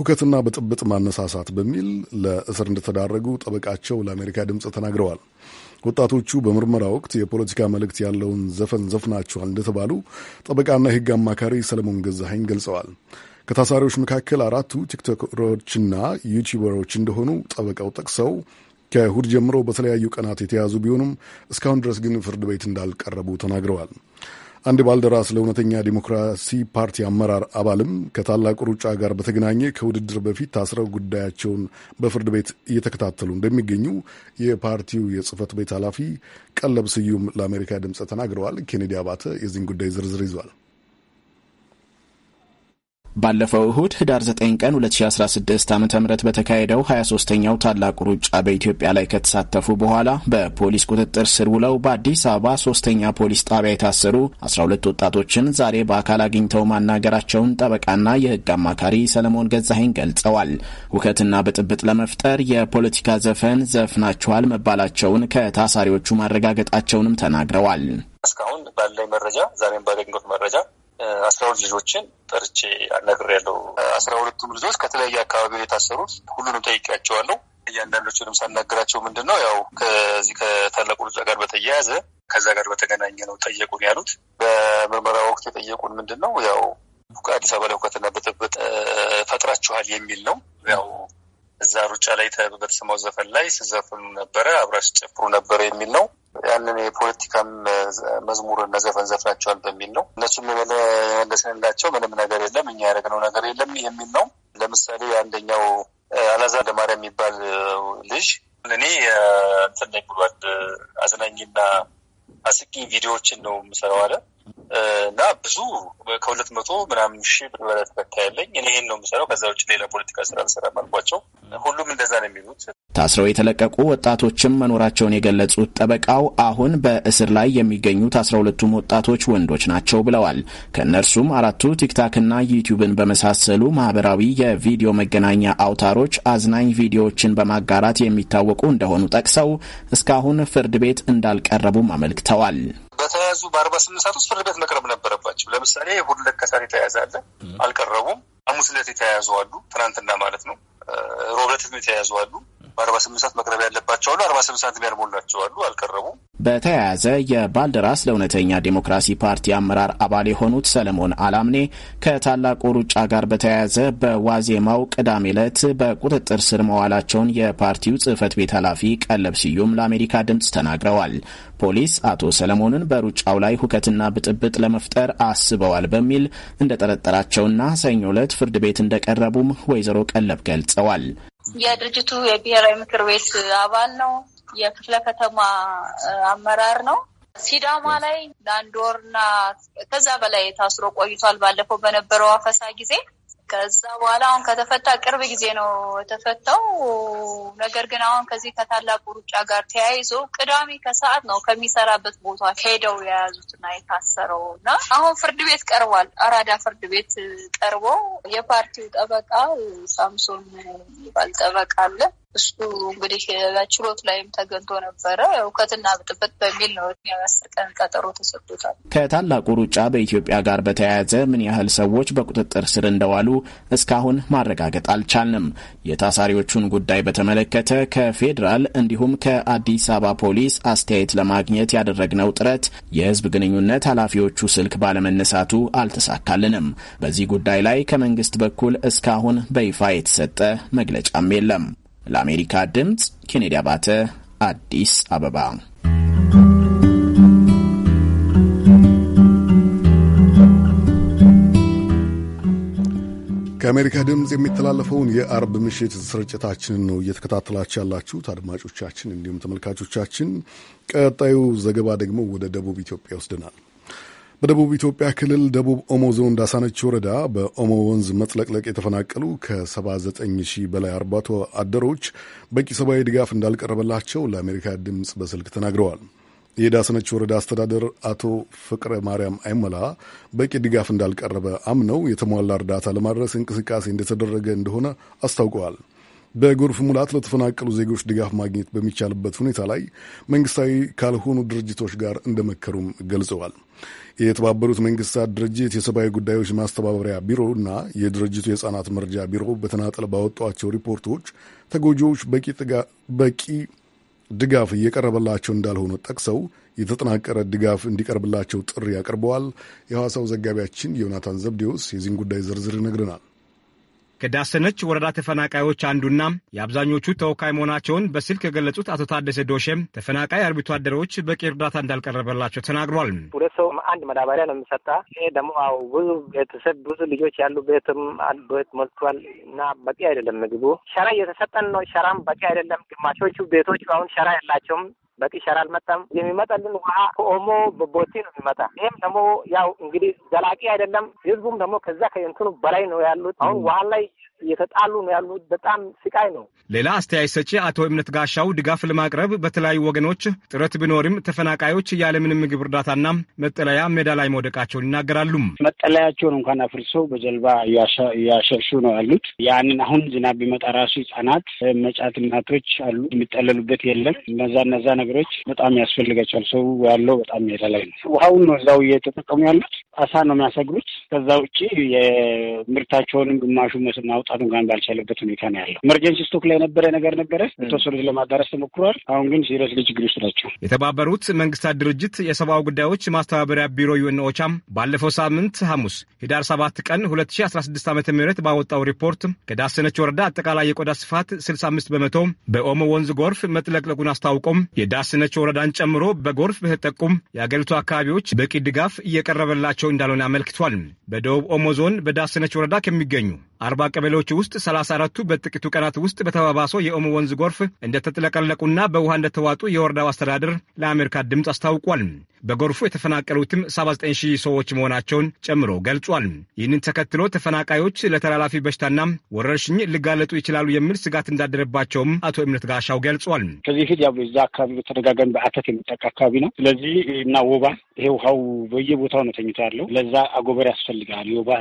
ሁከትና ብጥብጥ ማነሳሳት በሚል ለእስር እንደተዳረጉ ጠበቃቸው ለአሜሪካ ድምፅ ተናግረዋል። ወጣቶቹ በምርመራ ወቅት የፖለቲካ መልእክት ያለውን ዘፈን ዘፍናቸዋል እንደተባሉ ጠበቃና የሕግ አማካሪ ሰለሞን ገዛሀኝ ገልጸዋል። ከታሳሪዎች መካከል አራቱ ቲክቶከሮችና ዩቲዩበሮች እንደሆኑ ጠበቃው ጠቅሰው ከእሁድ ጀምሮ በተለያዩ ቀናት የተያዙ ቢሆኑም እስካሁን ድረስ ግን ፍርድ ቤት እንዳልቀረቡ ተናግረዋል። አንድ ባልደራስ ለእውነተኛ ዲሞክራሲ ፓርቲ አመራር አባልም ከታላቁ ሩጫ ጋር በተገናኘ ከውድድር በፊት ታስረው ጉዳያቸውን በፍርድ ቤት እየተከታተሉ እንደሚገኙ የፓርቲው የጽህፈት ቤት ኃላፊ ቀለብ ስዩም ለአሜሪካ ድምፅ ተናግረዋል። ኬኔዲ አባተ የዚህን ጉዳይ ዝርዝር ይዟል። ባለፈው እሁድ ህዳር 9 ቀን 2016 ዓ ም በተካሄደው 23ኛው ታላቁ ሩጫ በኢትዮጵያ ላይ ከተሳተፉ በኋላ በፖሊስ ቁጥጥር ስር ውለው በአዲስ አበባ ሶስተኛ ፖሊስ ጣቢያ የታሰሩ 12 ወጣቶችን ዛሬ በአካል አግኝተው ማናገራቸውን ጠበቃና የህግ አማካሪ ሰለሞን ገዛሀኝ ገልጸዋል። ሁከትና ብጥብጥ ለመፍጠር የፖለቲካ ዘፈን ዘፍናችኋል መባላቸውን ከታሳሪዎቹ ማረጋገጣቸውንም ተናግረዋል። እስካሁን ባለኝ መረጃ ዛሬም ባገኘሁት መረጃ አስራ ሁለት ልጆችን ጠርቼ ያለው አስራ ሁለቱም ልጆች ከተለያየ አካባቢ የታሰሩት ሁሉንም ጠይቄያቸዋለሁ። እያንዳንዶችንም ሳናግራቸው ምንድን ነው ያው ከዚህ ከታላቁ ልጅ ጋር በተያያዘ ከዛ ጋር በተገናኘ ነው ጠየቁን ያሉት። በምርመራ ወቅት የጠየቁን ምንድን ነው ያው ከአዲስ አበባ ላይ ሁከትና ብጥብጥ ፈጥራችኋል የሚል ነው ያው እዛ ሩጫ ላይ በተሰማው ዘፈን ላይ ስዘፍኑ ነበረ፣ አብራ ሲጨፍሩ ነበረ የሚል ነው። ያንን የፖለቲካም መዝሙርና ዘፈን ዘፍናቸዋል በሚል ነው። እነሱም የመለስንላቸው ምንም ነገር የለም እኛ ያደረግነው ነገር የለም የሚል ነው። ለምሳሌ አንደኛው አላዛር ለማርያም የሚባል ልጅ እኔ እንትን ነኝ ብሏል። አዝናኝና አስቂኝ ቪዲዮዎችን ነው የምሰራው አለ። እና ብዙ ከሁለት መቶ ምናምን ሺ በላይ ያለኝ እኔ ነው የምሰራው። ከዛ ውጭ ሌላ ፖለቲካ ስራ አልሰራም አልኳቸው። ሁሉም እንደዛ ነው የሚሉት። ታስረው የተለቀቁ ወጣቶችም መኖራቸውን የገለጹት ጠበቃው አሁን በእስር ላይ የሚገኙት አስራ ሁለቱም ወጣቶች ወንዶች ናቸው ብለዋል። ከእነርሱም አራቱ ቲክታክና ዩቲዩብን በመሳሰሉ ማህበራዊ የቪዲዮ መገናኛ አውታሮች አዝናኝ ቪዲዮዎችን በማጋራት የሚታወቁ እንደሆኑ ጠቅሰው እስካሁን ፍርድ ቤት እንዳልቀረቡም አመልክተዋል። በተያዙ በአርባ ስምንት ሰዓት ውስጥ ፍርድ ቤት መቅረብ ነበረባቸው። ለምሳሌ የቡድን ልከሳት የተያዘ አለ፣ አልቀረቡም። ሐሙስ ዕለት የተያዙ አሉ፣ ትናንትና ማለት ነው። ሮብለት የተያያዙ አሉ። በአርባ ስምንት ሰዓት መቅረብ ያለባቸው አሉ። አርባ ስምንት ሰዓት ያልሞላቸው አሉ፣ አልቀረቡም። በተያያዘ የባልደራስ ለእውነተኛ ዴሞክራሲ ፓርቲ አመራር አባል የሆኑት ሰለሞን አላምኔ ከታላቁ ሩጫ ጋር በተያያዘ በዋዜማው ቅዳሜ ዕለት በቁጥጥር ስር መዋላቸውን የፓርቲው ጽህፈት ቤት ኃላፊ ቀለብ ስዩም ለአሜሪካ ድምፅ ተናግረዋል። ፖሊስ አቶ ሰለሞንን በሩጫው ላይ ሁከትና ብጥብጥ ለመፍጠር አስበዋል በሚል እንደጠረጠራቸውና ሰኞ ዕለት ፍርድ ቤት እንደቀረቡም ወይዘሮ ቀለብ ገልጸዋል። የድርጅቱ የብሔራዊ ምክር ቤት አባል ነው። የክፍለ ከተማ አመራር ነው። ሲዳማ ላይ ለአንድ ወርና ከዛ በላይ ታስሮ ቆይቷል። ባለፈው በነበረው አፈሳ ጊዜ ከዛ በኋላ አሁን ከተፈታ ቅርብ ጊዜ ነው የተፈታው። ነገር ግን አሁን ከዚህ ከታላቁ ሩጫ ጋር ተያይዞ ቅዳሜ ከሰዓት ነው ከሚሰራበት ቦታ ሄደው የያዙትና የታሰረው እና አሁን ፍርድ ቤት ቀርቧል። አራዳ ፍርድ ቤት ቀርቦ የፓርቲው ጠበቃ ሳምሶን ባል ጠበቃ አለ እሱ እንግዲህ ችሎት ላይም ተገንቶ ነበረ። እውከትና ብጥብጥ በሚል ነው የአስር ቀን ቀጠሮ ተሰጥቶታል። ከታላቁ ሩጫ በኢትዮጵያ ጋር በተያያዘ ምን ያህል ሰዎች በቁጥጥር ስር እንደዋሉ እስካሁን ማረጋገጥ አልቻልንም። የታሳሪዎቹን ጉዳይ በተመለከተ ከፌዴራል እንዲሁም ከአዲስ አበባ ፖሊስ አስተያየት ለማግኘት ያደረግነው ጥረት የህዝብ ግንኙነት ኃላፊዎቹ ስልክ ባለመነሳቱ አልተሳካልንም። በዚህ ጉዳይ ላይ ከመንግስት በኩል እስካሁን በይፋ የተሰጠ መግለጫም የለም። ለአሜሪካ ድምፅ ኬኔዲ አባተ አዲስ አበባ። ከአሜሪካ ድምፅ የሚተላለፈውን የአርብ ምሽት ስርጭታችንን ነው እየተከታተላችሁ ያላችሁት አድማጮቻችን፣ እንዲሁም ተመልካቾቻችን። ቀጣዩ ዘገባ ደግሞ ወደ ደቡብ ኢትዮጵያ ይወስደናል። በደቡብ ኢትዮጵያ ክልል ደቡብ ኦሞ ዞን ዳሳነች ወረዳ በኦሞ ወንዝ መጥለቅለቅ የተፈናቀሉ ከ79 ሺህ በላይ አርብቶ አደሮች በቂ ሰብአዊ ድጋፍ እንዳልቀረበላቸው ለአሜሪካ ድምፅ በስልክ ተናግረዋል። የዳሰነች ወረዳ አስተዳደር አቶ ፍቅረ ማርያም አይመላ በቂ ድጋፍ እንዳልቀረበ አምነው የተሟላ እርዳታ ለማድረስ እንቅስቃሴ እንደተደረገ እንደሆነ አስታውቀዋል። በጎርፍ ሙላት ለተፈናቀሉ ዜጎች ድጋፍ ማግኘት በሚቻልበት ሁኔታ ላይ መንግስታዊ ካልሆኑ ድርጅቶች ጋር እንደመከሩም ገልጸዋል። የተባበሩት መንግስታት ድርጅት የሰብአዊ ጉዳዮች ማስተባበሪያ ቢሮ እና የድርጅቱ የህጻናት መርጃ ቢሮ በተናጠል ባወጧቸው ሪፖርቶች ተጎጂዎች በቂ ድጋፍ እየቀረበላቸው እንዳልሆኑ ጠቅሰው የተጠናቀረ ድጋፍ እንዲቀርብላቸው ጥሪ አቅርበዋል። የሐዋሳው ዘጋቢያችን ዮናታን ዘብዴዎስ የዚህን ጉዳይ ዝርዝር ይነግረናል። ከዳሰነች ወረዳ ተፈናቃዮች አንዱና የአብዛኞቹ ተወካይ መሆናቸውን በስልክ የገለጹት አቶ ታደሰ ዶሼም ተፈናቃይ አርቢቶ አደሮች በቂ እርዳታ እንዳልቀረበላቸው ተናግሯል። ሁለት ሰው አንድ መዳበሪያ ነው የሚሰጣ። ይሄ ደግሞ ብዙ ቤተሰብ ብዙ ልጆች ያሉ ቤትም ቤት ሞልቷል እና በቂ አይደለም ምግቡ። ሸራ እየተሰጠን ነው። ሸራም በቂ አይደለም። ግማሾቹ ቤቶቹ አሁን ሸራ የላቸውም። በቂ ሸራ አልመጣም። የሚመጣልን ውሃ ከኦሞ በቦቲ ነው የሚመጣ። ይህም ደግሞ ያው እንግዲህ ዘላቂ አይደለም። ህዝቡም ደግሞ ከዛ ከእንትኑ በላይ ነው ያሉት። አሁን ውሃ ላይ እየተጣሉ ነው ያሉት። በጣም ስቃይ ነው። ሌላ አስተያየት ሰጪ አቶ እምነት ጋሻው ድጋፍ ለማቅረብ በተለያዩ ወገኖች ጥረት ቢኖርም ተፈናቃዮች ያለምንም ምግብ እርዳታና መጠለያ ሜዳ ላይ መውደቃቸውን ይናገራሉ። መጠለያቸውን እንኳን አፍርሰው በጀልባ እያሸሹ ነው ያሉት። ያንን አሁን ዝናብ ቢመጣ ራሱ ህጻናት፣ መጫት እናቶች አሉ የሚጠለሉበት የለም። እነዛ እነዛ ነገሮች በጣም ያስፈልጋቸዋል። ሰው ያለው በጣም ሜዳ ላይ ነው። ውሃውን ነው እዛው እየተጠቀሙ ያሉት። አሳ ነው የሚያሰግሩት። ከዛ ውጭ የምርታቸውንም ግማሹ መስናውጥ ማውጣት እንኳን ባልቻለበት ሁኔታ ነው ያለው። ኤመርጀንሲ ስቶክ ላይ የነበረ ነገር ነበረ፣ የተወሰኑት ለማዳረስ ተሞክሯል። አሁን ግን ሲሪየስ ችግር ውስጥ ናቸው። የተባበሩት መንግስታት ድርጅት የሰብአዊ ጉዳዮች ማስተባበሪያ ቢሮ ዩኤን ኦቻም ባለፈው ሳምንት ሐሙስ ህዳር 7 ቀን 2016 ዓ ም ባወጣው ሪፖርት ከዳሰነች ወረዳ አጠቃላይ የቆዳ ስፋት 65 በመቶ በኦሞ ወንዝ ጎርፍ መጥለቅለቁን አስታውቆም የዳሰነች ወረዳን ጨምሮ በጎርፍ በተጠቁም የአገሪቱ አካባቢዎች በቂ ድጋፍ እየቀረበላቸው እንዳልሆነ አመልክቷል። በደቡብ ኦሞ ዞን በዳሰነች ወረዳ ከሚገኙ አርባ ቀበሌዎች ውስጥ ሰላሳ አራቱ በጥቂቱ ቀናት ውስጥ በተባባሰው የኦሞ ወንዝ ጎርፍ እንደተጥለቀለቁና በውሃ እንደተዋጡ የወረዳው አስተዳደር ለአሜሪካ ድምፅ አስታውቋል። በጎርፉ የተፈናቀሉትም 79 ሺህ ሰዎች መሆናቸውን ጨምሮ ገልጿል። ይህንን ተከትሎ ተፈናቃዮች ለተላላፊ በሽታና ወረርሽኝ ሊጋለጡ ይችላሉ የሚል ስጋት እንዳደረባቸውም አቶ እምነት ጋሻው ገልጿል። ከዚህ ፊት ያው እዛ አካባቢ በተደጋጋሚ በአተት የሚጠቃ አካባቢ ነው። ስለዚህ እና ወባ ይሄ ውሃው በየቦታው ነው ተኝቶ ያለው። ለዛ አጎበር ያስፈልጋል። የወባ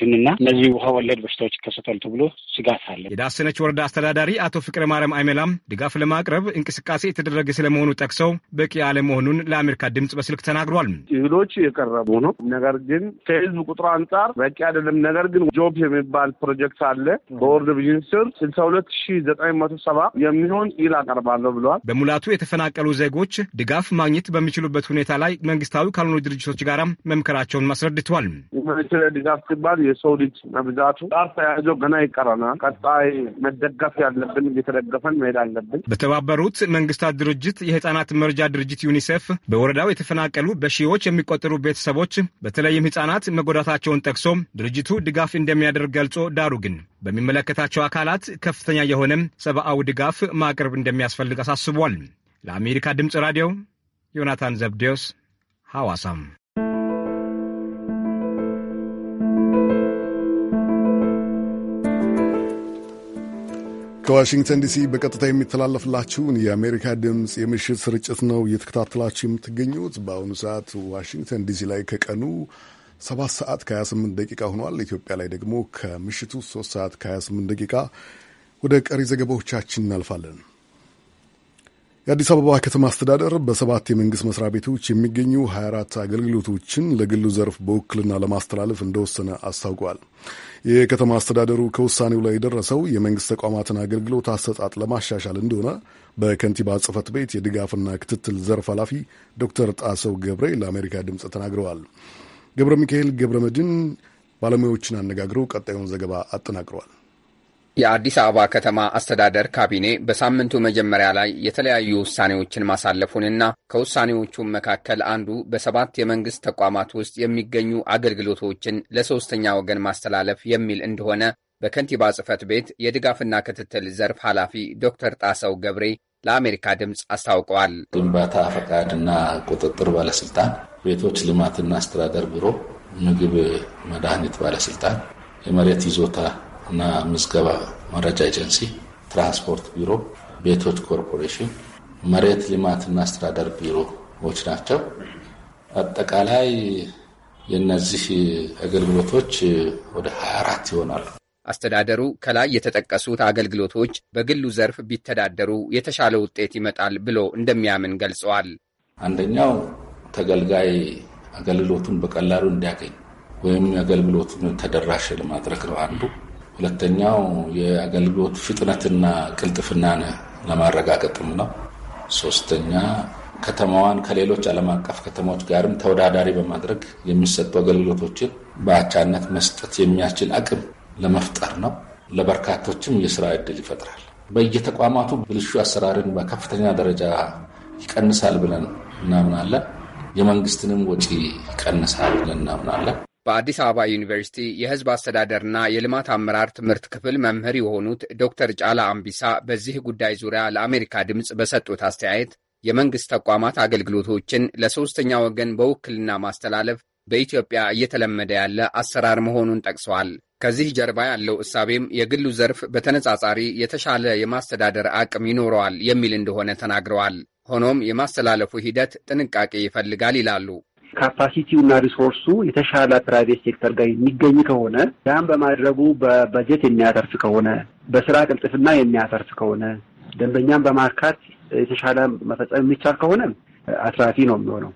ትንና እነዚህ ውሃ ወለድ በሽታዎች ይከሰታሉ ተብሎ ስጋት አለ። የዳሰነች ወረዳ አስተዳዳሪ አቶ ፍቅረ ማርያም አይመላም ድጋፍ ለማቅረብ እንቅስቃሴ የተደረገ ስለመሆኑ ጠቅሰው በቂ አለመሆኑን ለአሜሪካ ድምፅ በስልክ ተናግሯል። እህሎች የቀረቡ ነው። ነገር ግን ከህዝብ ቁጥሩ አንጻር በቂ አይደለም። ነገር ግን ጆብ የሚባል ፕሮጀክት አለ። በወርድ ቪዥን ስር ስልሳ ሁለት ሺ ዘጠኝ መቶ ሰባ የሚሆን ኢል አቀርባለሁ ብለዋል። በሙላቱ የተፈናቀሉ ዜጎች ድጋፍ ማግኘት በሚችሉበት ሁኔታ ላይ መንግስታዊ ካልሆኑ ድርጅቶች ጋር መምከራቸውን አስረድተዋል። ድጋፍ ሲባል የሰው ልጅ መብዛቱ ጋር ተያይዞ ገና ይቀረናል። ቀጣይ መደገፍ ያለብን እየተደገፈን መሄድ አለብን። በተባበሩት መንግስታት ድርጅት የህጻናት መርጃ ድርጅት ዩኒሴፍ በወረዳው የተፈናቀሉ በሺዎች የሚቆጠሩ ቤተሰቦች በተለይም ህጻናት መጎዳታቸውን ጠቅሶ ድርጅቱ ድጋፍ እንደሚያደርግ ገልጾ ዳሩ ግን በሚመለከታቸው አካላት ከፍተኛ የሆነም ሰብአዊ ድጋፍ ማቅረብ እንደሚያስፈልግ አሳስቧል። ለአሜሪካ ድምፅ ራዲዮ ዮናታን ዘብዴዎስ ሐዋሳም ከዋሽንግተን ዲሲ በቀጥታ የሚተላለፍላችሁን የአሜሪካ ድምፅ የምሽት ስርጭት ነው እየተከታተላችሁ የምትገኙት። በአሁኑ ሰዓት ዋሽንግተን ዲሲ ላይ ከቀኑ 7 ሰዓት ከ28 ደቂቃ ሆኗል። ኢትዮጵያ ላይ ደግሞ ከምሽቱ 3 ሰዓት ከ28 ደቂቃ። ወደ ቀሪ ዘገባዎቻችን እናልፋለን። የአዲስ አበባ ከተማ አስተዳደር በሰባት የመንግሥት መስሪያ ቤቶች የሚገኙ 24 አገልግሎቶችን ለግሉ ዘርፍ በውክልና ለማስተላለፍ እንደወሰነ አስታውቋል። የከተማ አስተዳደሩ ከውሳኔው ላይ የደረሰው የመንግሥት ተቋማትን አገልግሎት አሰጣጥ ለማሻሻል እንደሆነ በከንቲባ ጽህፈት ቤት የድጋፍና ክትትል ዘርፍ ኃላፊ ዶክተር ጣሰው ገብሬ ለአሜሪካ ድምፅ ተናግረዋል። ገብረ ሚካኤል ገብረ መድን ባለሙያዎችን አነጋግረው ቀጣዩን ዘገባ አጠናቅረዋል። የአዲስ አበባ ከተማ አስተዳደር ካቢኔ በሳምንቱ መጀመሪያ ላይ የተለያዩ ውሳኔዎችን ማሳለፉንና ከውሳኔዎቹም መካከል አንዱ በሰባት የመንግስት ተቋማት ውስጥ የሚገኙ አገልግሎቶችን ለሶስተኛ ወገን ማስተላለፍ የሚል እንደሆነ በከንቲባ ጽህፈት ቤት የድጋፍና ክትትል ዘርፍ ኃላፊ ዶክተር ጣሰው ገብሬ ለአሜሪካ ድምፅ አስታውቀዋል። ግንባታ ፈቃድና ቁጥጥር ባለስልጣን፣ ቤቶች ልማትና አስተዳደር ቢሮ፣ ምግብ መድኃኒት ባለስልጣን፣ የመሬት ይዞታ እና ምዝገባ መረጃ ኤጀንሲ፣ ትራንስፖርት ቢሮ፣ ቤቶች ኮርፖሬሽን፣ መሬት ልማትና አስተዳደር ቢሮዎች ናቸው። አጠቃላይ የእነዚህ አገልግሎቶች ወደ 24 ይሆናሉ። አስተዳደሩ ከላይ የተጠቀሱት አገልግሎቶች በግሉ ዘርፍ ቢተዳደሩ የተሻለ ውጤት ይመጣል ብሎ እንደሚያምን ገልጸዋል። አንደኛው ተገልጋይ አገልግሎቱን በቀላሉ እንዲያገኝ ወይም አገልግሎቱን ተደራሽ ለማድረግ ነው አንዱ ሁለተኛው የአገልግሎት ፍጥነትና ቅልጥፍናን ለማረጋገጥም ነው። ሶስተኛ ከተማዋን ከሌሎች ዓለም አቀፍ ከተሞች ጋርም ተወዳዳሪ በማድረግ የሚሰጡ አገልግሎቶችን በአቻነት መስጠት የሚያስችል አቅም ለመፍጠር ነው። ለበርካቶችም የስራ ዕድል ይፈጥራል። በየተቋማቱ ብልሹ አሰራርን በከፍተኛ ደረጃ ይቀንሳል ብለን እናምናለን። የመንግስትንም ወጪ ይቀንሳል ብለን እናምናለን። በአዲስ አበባ ዩኒቨርሲቲ የህዝብ አስተዳደርና የልማት አመራር ትምህርት ክፍል መምህር የሆኑት ዶክተር ጫላ አምቢሳ በዚህ ጉዳይ ዙሪያ ለአሜሪካ ድምፅ በሰጡት አስተያየት የመንግሥት ተቋማት አገልግሎቶችን ለሦስተኛ ወገን በውክልና ማስተላለፍ በኢትዮጵያ እየተለመደ ያለ አሰራር መሆኑን ጠቅሰዋል። ከዚህ ጀርባ ያለው እሳቤም የግሉ ዘርፍ በተነጻጻሪ የተሻለ የማስተዳደር አቅም ይኖረዋል የሚል እንደሆነ ተናግረዋል። ሆኖም የማስተላለፉ ሂደት ጥንቃቄ ይፈልጋል ይላሉ። ካፓሲቲውና ሪሶርሱ የተሻለ ፕራይቬት ሴክተር ጋር የሚገኝ ከሆነ ያም በማድረጉ በበጀት የሚያተርፍ ከሆነ በስራ ቅልጥፍና የሚያተርፍ ከሆነ ደንበኛን በማርካት የተሻለ መፈጸም የሚቻል ከሆነ አትራፊ ነው የሚሆነው።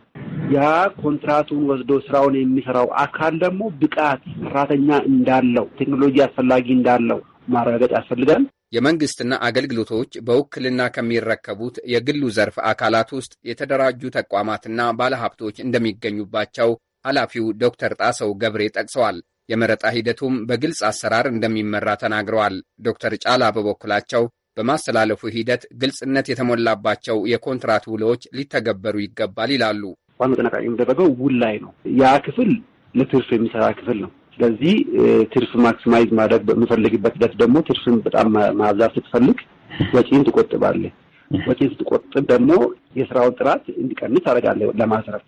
ያ ኮንትራቱን ወስዶ ስራውን የሚሰራው አካል ደግሞ ብቃት ሰራተኛ እንዳለው ቴክኖሎጂ አስፈላጊ እንዳለው ማረጋገጥ ያስፈልጋል። የመንግስትና አገልግሎቶች በውክልና ከሚረከቡት የግሉ ዘርፍ አካላት ውስጥ የተደራጁ ተቋማትና ባለሀብቶች እንደሚገኙባቸው ኃላፊው ዶክተር ጣሰው ገብሬ ጠቅሰዋል። የመረጣ ሂደቱም በግልጽ አሰራር እንደሚመራ ተናግረዋል። ዶክተር ጫላ በበኩላቸው በማስተላለፉ ሂደት ግልጽነት የተሞላባቸው የኮንትራት ውሎዎች ሊተገበሩ ይገባል ይላሉ። ዋናው ጥንቃቄ የሚደረገው ውል ላይ ነው። ያ ክፍል ለትርፍ የሚሰራ ክፍል ነው። ስለዚህ ትርፍ ማክሲማይዝ ማድረግ በምፈልግበት ሂደት ደግሞ ትርፍን በጣም ማብዛት ስትፈልግ ወጪን ትቆጥባለህ። ወጪን ስትቆጥብ ደግሞ የስራውን ጥራት እንዲቀንስ ታደርጋለህ ለማስረፍ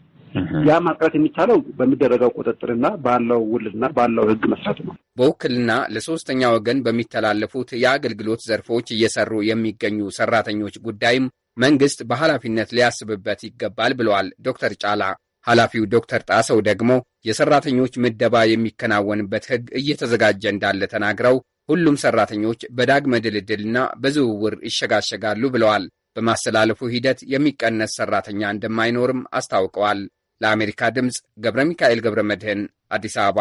ያ ማቅረት የሚቻለው በሚደረገው ቁጥጥርና ባለው ውልና ባለው ሕግ መስራት ነው። በውክልና ለሶስተኛ ወገን በሚተላለፉት የአገልግሎት ዘርፎች እየሰሩ የሚገኙ ሰራተኞች ጉዳይም መንግስት በኃላፊነት ሊያስብበት ይገባል ብለዋል ዶክተር ጫላ። ኃላፊው ዶክተር ጣሰው ደግሞ የሰራተኞች ምደባ የሚከናወንበት ሕግ እየተዘጋጀ እንዳለ ተናግረው ሁሉም ሰራተኞች በዳግመ ድልድልና በዝውውር ይሸጋሸጋሉ ብለዋል። በማስተላለፉ ሂደት የሚቀነስ ሰራተኛ እንደማይኖርም አስታውቀዋል። ለአሜሪካ ድምፅ ገብረ ሚካኤል ገብረ መድህን አዲስ አበባ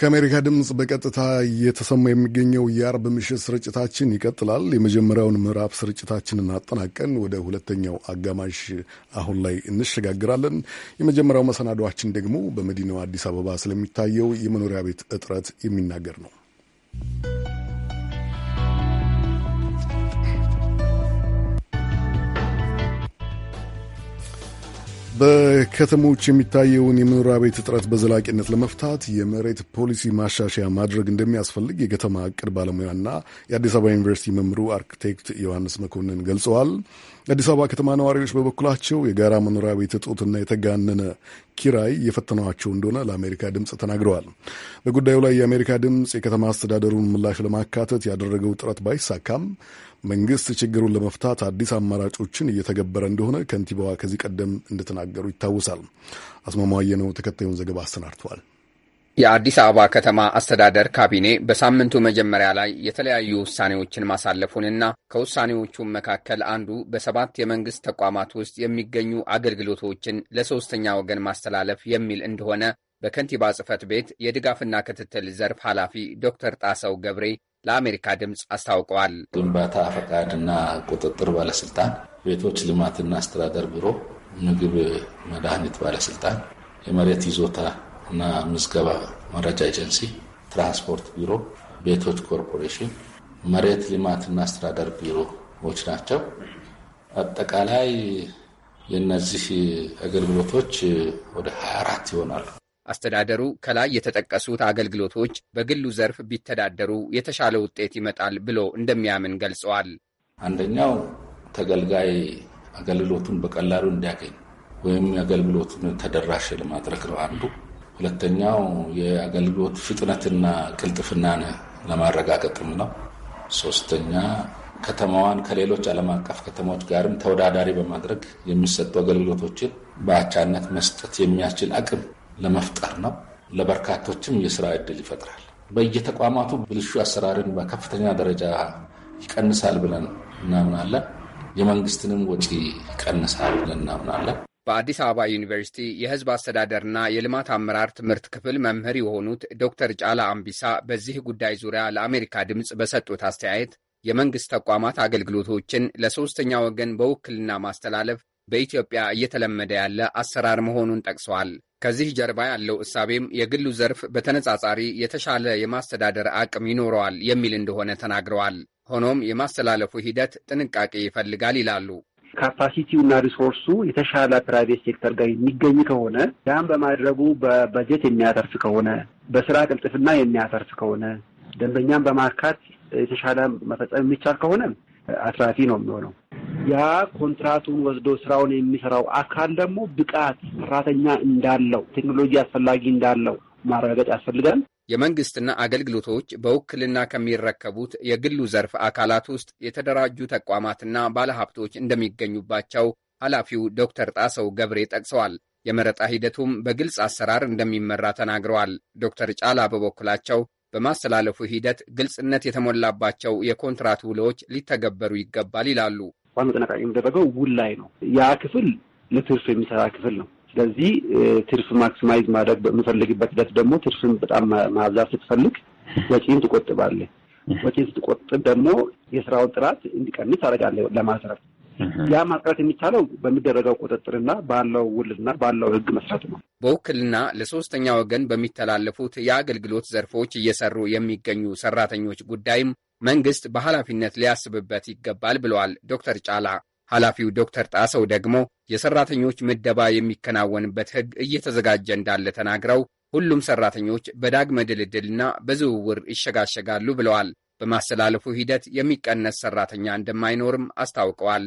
ከአሜሪካ ድምፅ በቀጥታ እየተሰማ የሚገኘው የአርብ ምሽት ስርጭታችን ይቀጥላል። የመጀመሪያውን ምዕራፍ ስርጭታችንን አጠናቀን ወደ ሁለተኛው አጋማሽ አሁን ላይ እንሸጋግራለን። የመጀመሪያው መሰናዷችን ደግሞ በመዲናው አዲስ አበባ ስለሚታየው የመኖሪያ ቤት እጥረት የሚናገር ነው። በከተሞች የሚታየውን የመኖሪያ ቤት እጥረት በዘላቂነት ለመፍታት የመሬት ፖሊሲ ማሻሻያ ማድረግ እንደሚያስፈልግ የከተማ እቅድ ባለሙያና የአዲስ አበባ ዩኒቨርሲቲ መምህሩ አርክቴክት ዮሐንስ መኮንን ገልጸዋል። የአዲስ አበባ ከተማ ነዋሪዎች በበኩላቸው የጋራ መኖሪያ ቤት እጦትና የተጋነነ ኪራይ የፈተናቸው እንደሆነ ለአሜሪካ ድምፅ ተናግረዋል። በጉዳዩ ላይ የአሜሪካ ድምፅ የከተማ አስተዳደሩን ምላሽ ለማካተት ያደረገው ጥረት ባይሳካም መንግስት ችግሩን ለመፍታት አዲስ አማራጮችን እየተገበረ እንደሆነ ከንቲባዋ ከዚህ ቀደም እንደተናገሩ ይታወሳል። አስማማየ ነው ተከታዩን ዘገባ አሰናድተዋል። የአዲስ አበባ ከተማ አስተዳደር ካቢኔ በሳምንቱ መጀመሪያ ላይ የተለያዩ ውሳኔዎችን ማሳለፉንና ከውሳኔዎቹም መካከል አንዱ በሰባት የመንግስት ተቋማት ውስጥ የሚገኙ አገልግሎቶችን ለሶስተኛ ወገን ማስተላለፍ የሚል እንደሆነ በከንቲባ ጽፈት ቤት የድጋፍና ክትትል ዘርፍ ኃላፊ ዶክተር ጣሰው ገብሬ ለአሜሪካ ድምፅ አስታውቀዋል። ግንባታ ፈቃድና ቁጥጥር ባለስልጣን፣ ቤቶች ልማትና አስተዳደር ቢሮ፣ ምግብ መድኃኒት ባለስልጣን፣ የመሬት ይዞታ እና ምዝገባ መረጃ ኤጀንሲ፣ ትራንስፖርት ቢሮ፣ ቤቶች ኮርፖሬሽን፣ መሬት ልማትና አስተዳደር ቢሮዎች ናቸው። አጠቃላይ የእነዚህ አገልግሎቶች ወደ 24 ይሆናሉ። አስተዳደሩ ከላይ የተጠቀሱት አገልግሎቶች በግሉ ዘርፍ ቢተዳደሩ የተሻለ ውጤት ይመጣል ብሎ እንደሚያምን ገልጸዋል። አንደኛው ተገልጋይ አገልግሎቱን በቀላሉ እንዲያገኝ ወይም የአገልግሎቱን ተደራሽ ለማድረግ ነው አንዱ። ሁለተኛው የአገልግሎት ፍጥነትና ቅልጥፍናን ለማረጋገጥም ነው። ሶስተኛ ከተማዋን ከሌሎች ዓለም አቀፍ ከተሞች ጋርም ተወዳዳሪ በማድረግ የሚሰጡ አገልግሎቶችን በአቻነት መስጠት የሚያስችል አቅም ለመፍጠር ነው። ለበርካቶችም የስራ እድል ይፈጥራል። በየተቋማቱ ብልሹ አሰራርን በከፍተኛ ደረጃ ይቀንሳል ብለን እናምናለን። የመንግስትንም ወጪ ይቀንሳል ብለን እናምናለን። በአዲስ አበባ ዩኒቨርሲቲ የህዝብ አስተዳደርና የልማት አመራር ትምህርት ክፍል መምህር የሆኑት ዶክተር ጫላ አምቢሳ በዚህ ጉዳይ ዙሪያ ለአሜሪካ ድምፅ በሰጡት አስተያየት የመንግስት ተቋማት አገልግሎቶችን ለሶስተኛ ወገን በውክልና ማስተላለፍ በኢትዮጵያ እየተለመደ ያለ አሰራር መሆኑን ጠቅሰዋል። ከዚህ ጀርባ ያለው እሳቤም የግሉ ዘርፍ በተነጻጻሪ የተሻለ የማስተዳደር አቅም ይኖረዋል የሚል እንደሆነ ተናግረዋል። ሆኖም የማስተላለፉ ሂደት ጥንቃቄ ይፈልጋል ይላሉ። ካፓሲቲው እና ሪሶርሱ የተሻለ ፕራይቬት ሴክተር ጋር የሚገኝ ከሆነ ያም በማድረጉ በበጀት የሚያተርፍ ከሆነ፣ በስራ ቅልጥፍና የሚያተርፍ ከሆነ፣ ደንበኛም በማርካት የተሻለ መፈጸም የሚቻል ከሆነ አትራፊ ነው የሚሆነው። ያ ኮንትራቱን ወስዶ ስራውን የሚሰራው አካል ደግሞ ብቃት ሰራተኛ እንዳለው ቴክኖሎጂ አስፈላጊ እንዳለው ማረጋገጥ ያስፈልጋል። የመንግስትና አገልግሎቶች በውክልና ከሚረከቡት የግሉ ዘርፍ አካላት ውስጥ የተደራጁ ተቋማትና ባለሀብቶች እንደሚገኙባቸው ኃላፊው ዶክተር ጣሰው ገብሬ ጠቅሰዋል። የመረጣ ሂደቱም በግልጽ አሰራር እንደሚመራ ተናግረዋል። ዶክተር ጫላ በበኩላቸው በማስተላለፉ ሂደት ግልጽነት የተሞላባቸው የኮንትራት ውሎች ሊተገበሩ ይገባል ይላሉ። ዋናው ጥንቃቄ የሚደረገው ውል ላይ ነው። ያ ክፍል ለትርፍ የሚሰራ ክፍል ነው። ስለዚህ ትርፍ ማክሲማይዝ ማድረግ በምፈልግበት ሂደት ደግሞ ትርፍን በጣም ማብዛት ስትፈልግ ወጪን ትቆጥባለህ። ወጪን ስትቆጥብ ደግሞ የስራውን ጥራት እንዲቀንስ ታደርጋለህ ለማለት ያ ማቅረት የሚቻለው በሚደረገው ቁጥጥርና ባለው ውልና ባለው ህግ መስራት ነው። በውክልና ለሶስተኛ ወገን በሚተላለፉት የአገልግሎት ዘርፎች እየሰሩ የሚገኙ ሰራተኞች ጉዳይም መንግስት በኃላፊነት ሊያስብበት ይገባል ብለዋል ዶክተር ጫላ። ኃላፊው ዶክተር ጣሰው ደግሞ የሰራተኞች ምደባ የሚከናወንበት ህግ እየተዘጋጀ እንዳለ ተናግረው ሁሉም ሰራተኞች በዳግመ ድልድልና በዝውውር ይሸጋሸጋሉ ብለዋል። በማስተላለፉ ሂደት የሚቀነስ ሰራተኛ እንደማይኖርም አስታውቀዋል።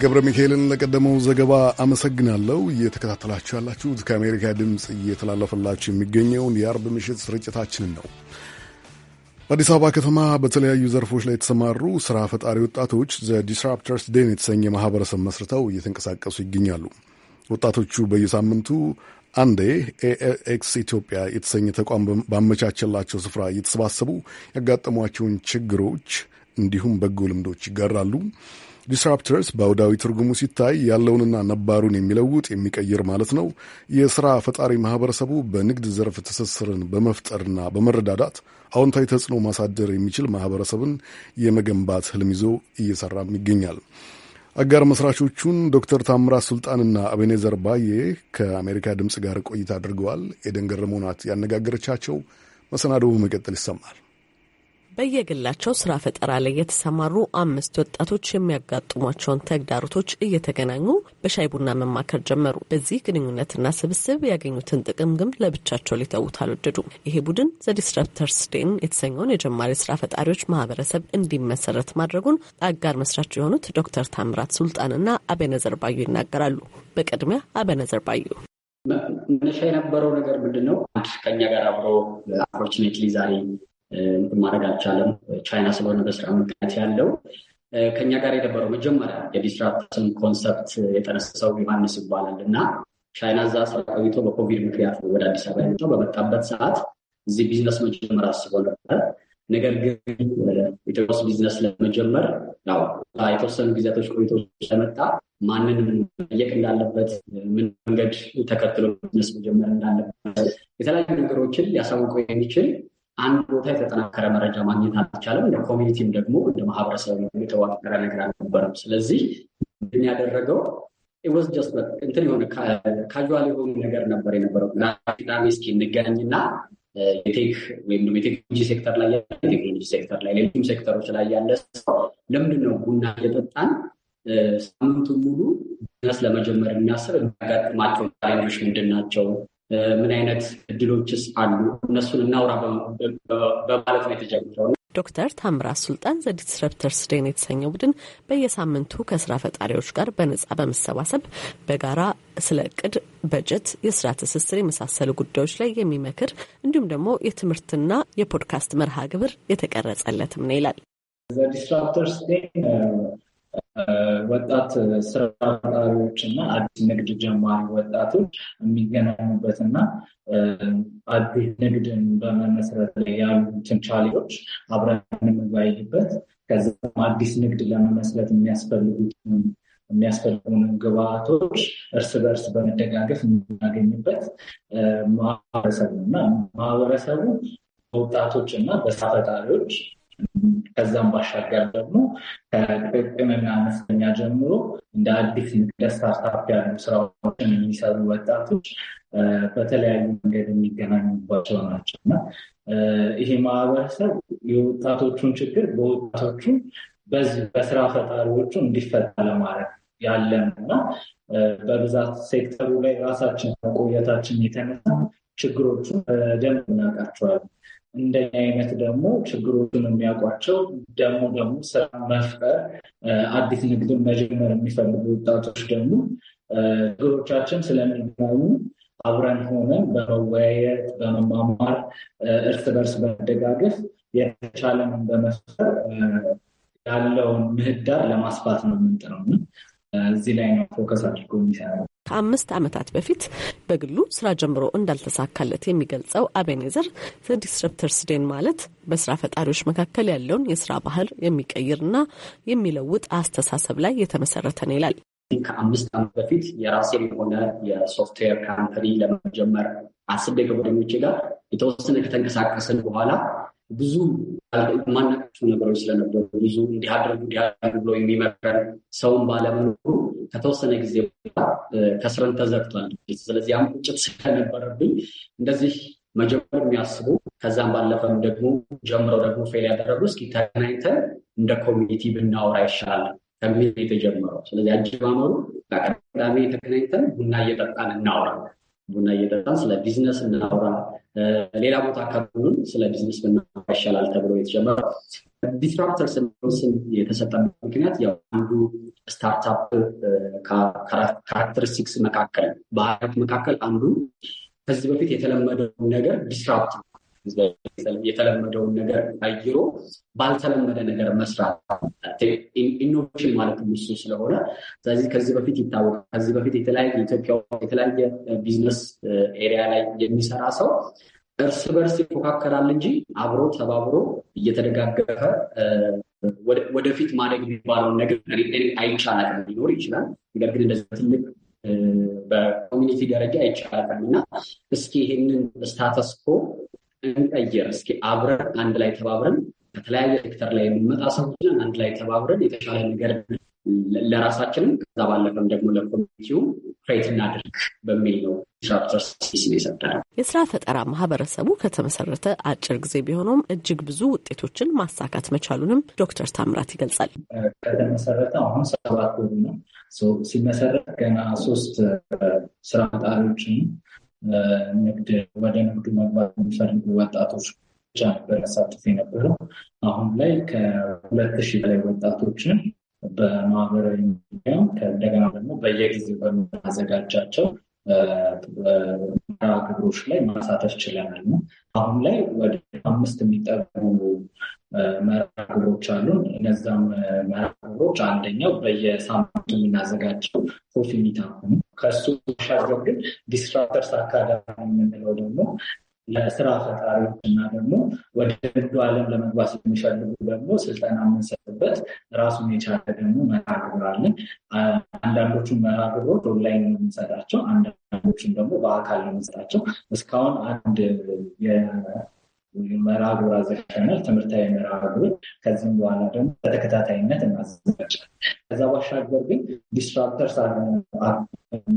ገብረ ሚካኤልን ለቀደመው ዘገባ አመሰግናለሁ። እየተከታተላችሁ ያላችሁት ከአሜሪካ ድምፅ እየተላለፈላችሁ የሚገኘውን የአርብ ምሽት ስርጭታችንን ነው። በአዲስ አበባ ከተማ በተለያዩ ዘርፎች ላይ የተሰማሩ ስራ ፈጣሪ ወጣቶች ዘ ዲስራፕተርስ ዴን የተሰኘ ማህበረሰብ መስርተው እየተንቀሳቀሱ ይገኛሉ። ወጣቶቹ በየሳምንቱ አንዴ ኤኤክስ ኢትዮጵያ የተሰኘ ተቋም ባመቻቸላቸው ስፍራ እየተሰባሰቡ ያጋጠሟቸውን ችግሮች እንዲሁም በጎ ልምዶች ይጋራሉ። ዲስራፕተርስ በአውዳዊ ትርጉሙ ሲታይ ያለውንና ነባሩን የሚለውጥ የሚቀይር ማለት ነው። የስራ ፈጣሪ ማህበረሰቡ በንግድ ዘርፍ ትስስርን በመፍጠርና በመረዳዳት አዎንታዊ ተጽዕኖ ማሳደር የሚችል ማህበረሰብን የመገንባት ህልም ይዞ እየሰራም ይገኛል። አጋር መስራቾቹን ዶክተር ታምራት ሱልጣንና አቤኔዘር ባዬ ከአሜሪካ ድምፅ ጋር ቆይታ አድርገዋል። ኤደን ገረመው ያነጋገረቻቸው። መሰናዶ በመቀጠል ይሰማል። በየግላቸው ስራ ፈጠራ ላይ የተሰማሩ አምስት ወጣቶች የሚያጋጥሟቸውን ተግዳሮቶች እየተገናኙ በሻይ ቡና መማከር ጀመሩ። በዚህ ግንኙነትና ስብስብ ያገኙትን ጥቅም ግን ለብቻቸው ሊተዉት አልወደዱም። ይሄ ቡድን ዘዲስራፕተርስ ዴን የተሰኘውን የጀማሪ ስራ ፈጣሪዎች ማህበረሰብ እንዲመሰረት ማድረጉን አጋር መስራች የሆኑት ዶክተር ታምራት ሱልጣንና አቤነዘር ባዩ ይናገራሉ። በቅድሚያ አቤነዘር ባዩ መነሻ የነበረው ነገር ምንድን ነው? ከኛ ጋር አብሮ አፖርቹኔትሊ ዛሬ ማድረግ አልቻለም። ቻይና ስለሆነ በስራ ምክንያት ያለው ከኛ ጋር የነበረው መጀመሪያ የዲስራፕሽን ኮንሰፕት የጠነሰሰው ዮሐንስ ይባላል እና ቻይና እዛ ስራ ቆይቶ በኮቪድ ምክንያት ወደ አዲስ አበባ የመጣው በመጣበት ሰዓት እዚህ ቢዝነስ መጀመር አስቦ ነበር። ነገር ግን ኢትዮጵያ ውስጥ ቢዝነስ ለመጀመር ያው የተወሰኑ ጊዜያቶች ቆይቶ ስለመጣ ማንን መጠየቅ እንዳለበት፣ ምን መንገድ ተከትሎ ቢዝነስ መጀመር እንዳለበት የተለያዩ ነገሮችን ሊያሳውቀው የሚችል አንድ ቦታ የተጠናከረ መረጃ ማግኘት አልቻለም። እንደ ኮሚኒቲም ደግሞ እንደ ማህበረሰብ የተዋቀረ ነገር አልነበረም። ስለዚህ ምንድን ያደረገው ወዝ ጀስት እንትን የሆነ ካዋል የሆኑ ነገር ነበር የነበረው። ቅዳሜ እስኪ እንገናኝና የቴክ ወይም ደግሞ የቴክኖሎጂ ሴክተር ላይ ያለ ቴክኖሎጂ ሴክተር ላይ ሌሎችም ሴክተሮች ላይ ያለ ሰው ለምንድን ነው ቡና እየጠጣን ሳምንቱ ሙሉ ቢዝነስ ለመጀመር የሚያስብ የሚያጋጥማቸው ቻሌንጆች ምንድን ናቸው? ምን አይነት እድሎችስ አሉ? እነሱን እናውራ በማለት ነው የተጀመረው። ዶክተር ታምራት ሱልጣን ዘዲስረፕተርስ ዴን የተሰኘው ቡድን በየሳምንቱ ከስራ ፈጣሪዎች ጋር በነጻ በመሰባሰብ በጋራ ስለ እቅድ፣ በጀት፣ የስራ ትስስር የመሳሰሉ ጉዳዮች ላይ የሚመክር እንዲሁም ደግሞ የትምህርትና የፖድካስት መርሃ ግብር የተቀረጸለትም ነው ይላል። ዘዲስራፕተርስ ዴን ወጣት ስራ ፈጣሪዎች እና አዲስ ንግድ ጀማሪ ወጣቶች የሚገናኙበት እና አዲስ ንግድን በመመስረት ላይ ያሉትን ቻሌዎች አብረን የምንወያይበት ከዚም አዲስ ንግድ ለመመስረት የሚያስፈልጉትን የሚያስፈልጉን ግብአቶች እርስ በእርስ በመደጋገፍ የምናገኝበት ማህበረሰቡ እና ማህበረሰቡ በወጣቶች እና በስራ ፈጣሪዎች ከዛም ባሻገር ደግሞ ከቅቅምና አነስተኛ ጀምሮ እንደ አዲስ እንደ ስታርታፕ ያሉ ስራዎችን የሚሰሩ ወጣቶች በተለያዩ መንገድ የሚገናኙባቸው ናቸው እና ይሄ ማህበረሰብ የወጣቶቹን ችግር በወጣቶቹ በዚህ በስራ ፈጣሪዎቹ እንዲፈታ ለማድረግ ያለን እና በብዛት ሴክተሩ ላይ ራሳችን መቆየታችን የተነሳ ችግሮቹን በደንብ እናውቃቸዋለን። እንደኛ አይነት ደግሞ ችግሮችን የሚያውቋቸው ደግሞ ደግሞ ስራ መፍጠር አዲስ ንግድን መጀመር የሚፈልጉ ወጣቶች ደግሞ ችግሮቻችን ስለሚገናኙ አብረን ሆነን በመወያየት በመማማር እርስ በርስ በመደጋገፍ የተቻለንን በመፍጠር ያለውን ምህዳር ለማስፋት ነው የምንጥረው። እዚህ ላይ ነው ፎከስ አድርጎ የሚሰራው። ከአምስት ዓመታት በፊት በግሉ ስራ ጀምሮ እንዳልተሳካለት የሚገልጸው አቤኔዘር ዲስረፕተርስ ዴን ማለት በስራ ፈጣሪዎች መካከል ያለውን የስራ ባህል የሚቀይርና የሚለውጥ አስተሳሰብ ላይ የተመሰረተ ነው ይላል። ከአምስት ዓመት በፊት የራሴ የሆነ የሶፍትዌር ካምፕኒ ለመጀመር አስቤ ከጓደኞቼ ጋር የተወሰነ ከተንቀሳቀስን በኋላ ብዙ ማናቸው ነገሮች ስለነበሩ ብዙ እንዲያደርጉ እንዲያደርጉ ብሎ የሚመከር ሰውን ባለመኖሩ ከተወሰነ ጊዜ ከስረን ተዘግቷል። ስለዚህ ያም ቁጭት ስለነበረብኝ እንደዚህ መጀመር የሚያስቡ ከዛም ባለፈም ደግሞ ጀምረው ደግሞ ፌል ያደረጉ እስኪ ተገናኝተን እንደ ኮሚኒቲ ብናወራ ይሻላል ከሚል የተጀመረው። ስለዚህ አጀማመሩ ቅዳሜ ተገናኝተን ቡና እየጠጣን እናወራ፣ ቡና እየጠጣን ስለ ቢዝነስ እናወራ ሌላ ቦታ አካባቢውን ስለ ቢዝነስ ብናወራ ይሻላል ተብሎ የተጀመረው ዲስራፕተርስ ስም የተሰጠበት ምክንያት ያው አንዱ ስታርታፕ ካራክተሪስቲክስ መካከል ባህሪያት መካከል አንዱ ከዚህ በፊት የተለመደውን ነገር ዲስራፕት የተለመደውን ነገር አይሮ ባልተለመደ ነገር መስራት ኢኖቬሽን ማለት ምሱ ስለሆነ፣ ስለዚህ ከዚህ በፊት ይታወቃል። ከዚህ በፊት የተለያየ ኢትዮጵያ የተለያየ ቢዝነስ ኤሪያ uh, ላይ የሚሰራ ሰው እርስ በርስ ይፎካከራል እንጂ አብሮ ተባብሮ እየተደጋገፈ uh, ወደፊት ማደግ የሚባለውን ነገር አይቻላል። ሊኖር ይችላል። ነገር ግን እንደዚህ ትልቅ uh, በኮሚኒቲ ደረጃ አይቻላል እና እስኪ ይህንን ስታተስኮ እንቀይር እስኪ አብረን አንድ ላይ ተባብረን ከተለያየ ሴክተር ላይ የምንመጣ ሰዎች አንድ ላይ ተባብረን የተሻለ ነገር ለራሳችንም ከዛ ባለፈም ደግሞ ለኮሚኒቲው ክሬት እናድርግ በሚል ነው የስራ ፈጠራ ማህበረሰቡ ከተመሰረተ አጭር ጊዜ ቢሆነውም እጅግ ብዙ ውጤቶችን ማሳካት መቻሉንም ዶክተር ታምራት ይገልጻል። ከተመሰረተ አሁን ሰባት ወሩ ነው። ሲመሰረት ገና ሶስት ስራ ፈጣሪዎችን ንግድ ወደ ንግዱ መግባት የሚፈልጉ ወጣቶች ብቻ ነበር ያሳትፍ የነበረው። አሁን ላይ ከሁለት ሺህ በላይ ወጣቶችን በማህበራዊ ሚዲያ ከእንደገና ደግሞ በየጊዜው በምናዘጋጃቸው መርሃ ግብሮች ላይ ማሳተፍ ችለናል። አሁን ላይ ወደ አምስት የሚጠሩ መራግብሮች አሉን። እነዛም መራግብሮች አንደኛው በየሳምንቱ የምናዘጋጀው ኮፊ ሚታፕ ነው። ከሱ ሻገር ግን ዲስትራክተርስ አካዳሚ የምንለው ደግሞ ለስራ ፈጣሪዎች እና ደግሞ ወደ ንግዱ ዓለም ለመግባት የሚፈልጉ ደግሞ ስልጠና የምንሰጥበት ራሱን የቻለ ደግሞ መራግብር ግብር አለን። አንዳንዶቹን መራግብሮች ኦንላይን ነው የምንሰጣቸው፣ አንዳንዶቹን ደግሞ በአካል ነው የምንሰጣቸው። እስካሁን አንድ መርሃግብር አዘጋጅተናል። ትምህርታዊ መርሃግብር ከዚህም በኋላ ደግሞ በተከታታይነት እናዘጋጃለን። ከዛ ባሻገር ግን ዲስትራክተርስ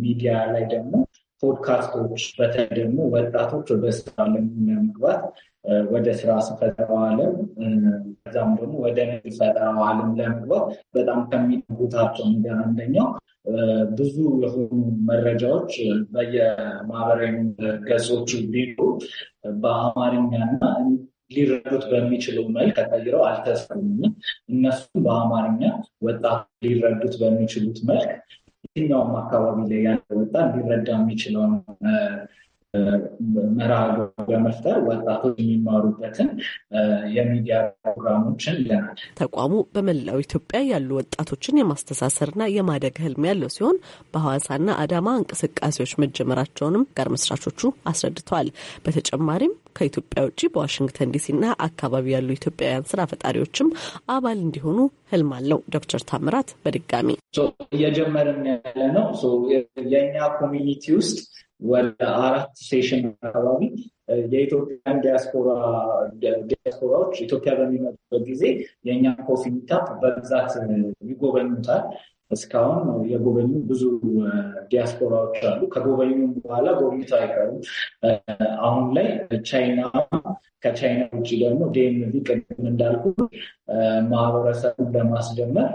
ሚዲያ ላይ ደግሞ ፖድካስቶች በተለይ ደግሞ ወጣቶች ወደ ስራ ለመግባት ወደ ስራ ፈጠራው ዓለም ከዛም ደግሞ ወደ ንግድ ፈጠራው ዓለም ለመግባት በጣም ከሚጉታቸው ነገር አንደኛው ብዙ የሆኑ መረጃዎች በየማህበራዊ ገጾቹ ቢሉ በአማርኛና ሊረዱት በሚችለው መልክ ተቀይረው አልተሰሩም። እነሱም በአማርኛ ወጣት ሊረዱት በሚችሉት መልክ የትኛውም አካባቢ ላይ ያለ ወጣት ሊረዳ የሚችለውን መርሃ በመፍጠር ወጣቶች የሚማሩበትን የሚዲያ ፕሮግራሞችን ይለናል። ተቋሙ በመላው ኢትዮጵያ ያሉ ወጣቶችን የማስተሳሰርና የማደግ ህልም ያለው ሲሆን በሐዋሳና አዳማ እንቅስቃሴዎች መጀመራቸውንም ጋር መስራቾቹ አስረድተዋል። በተጨማሪም ከኢትዮጵያ ውጭ በዋሽንግተን ዲሲና አካባቢ ያሉ ኢትዮጵያውያን ስራ ፈጣሪዎችም አባል እንዲሆኑ ህልም አለው። ዶክተር ታምራት በድጋሚ እየጀመርን ያለ ነው የእኛ ኮሚኒቲ ውስጥ ወደ አራት ሴሽን አካባቢ የኢትዮጵያን ዲያስፖራዎች ኢትዮጵያ በሚመጡበት ጊዜ የእኛ ኮፊ ሚታፕ በብዛት ይጎበኙታል። እስካሁን የጎበኙ ብዙ ዲያስፖራዎች አሉ። ከጎበኙም በኋላ ጎብኝቶ አይቀሩም። አሁን ላይ ቻይና፣ ከቻይና ውጭ ደግሞ ዴምቪ ቅድም እንዳልኩ ማህበረሰቡን ለማስጀመር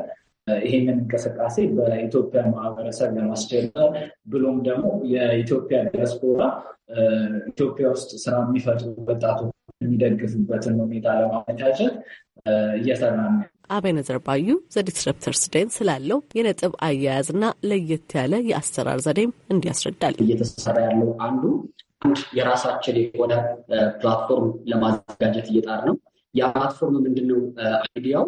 ይህንን እንቅስቃሴ በኢትዮጵያ ማህበረሰብ ለማስጀመር ብሎም ደግሞ የኢትዮጵያ ዲያስፖራ ኢትዮጵያ ውስጥ ስራ የሚፈጥሩ ወጣቶች የሚደግፉበትን ሁኔታ ለማመቻቸት እየሰራ ነው። አቤነዘር ባዩ ዘዲስረፕተርስ ስደን ስላለው የነጥብ አያያዝና ለየት ያለ የአሰራር ዘዴም እንዲያስረዳል። እየተሰራ ያለው አንዱ አንድ የራሳችን የሆነ ፕላትፎርም ለማዘጋጀት እየጣር ነው። ያ ፕላትፎርም ምንድነው አይዲያው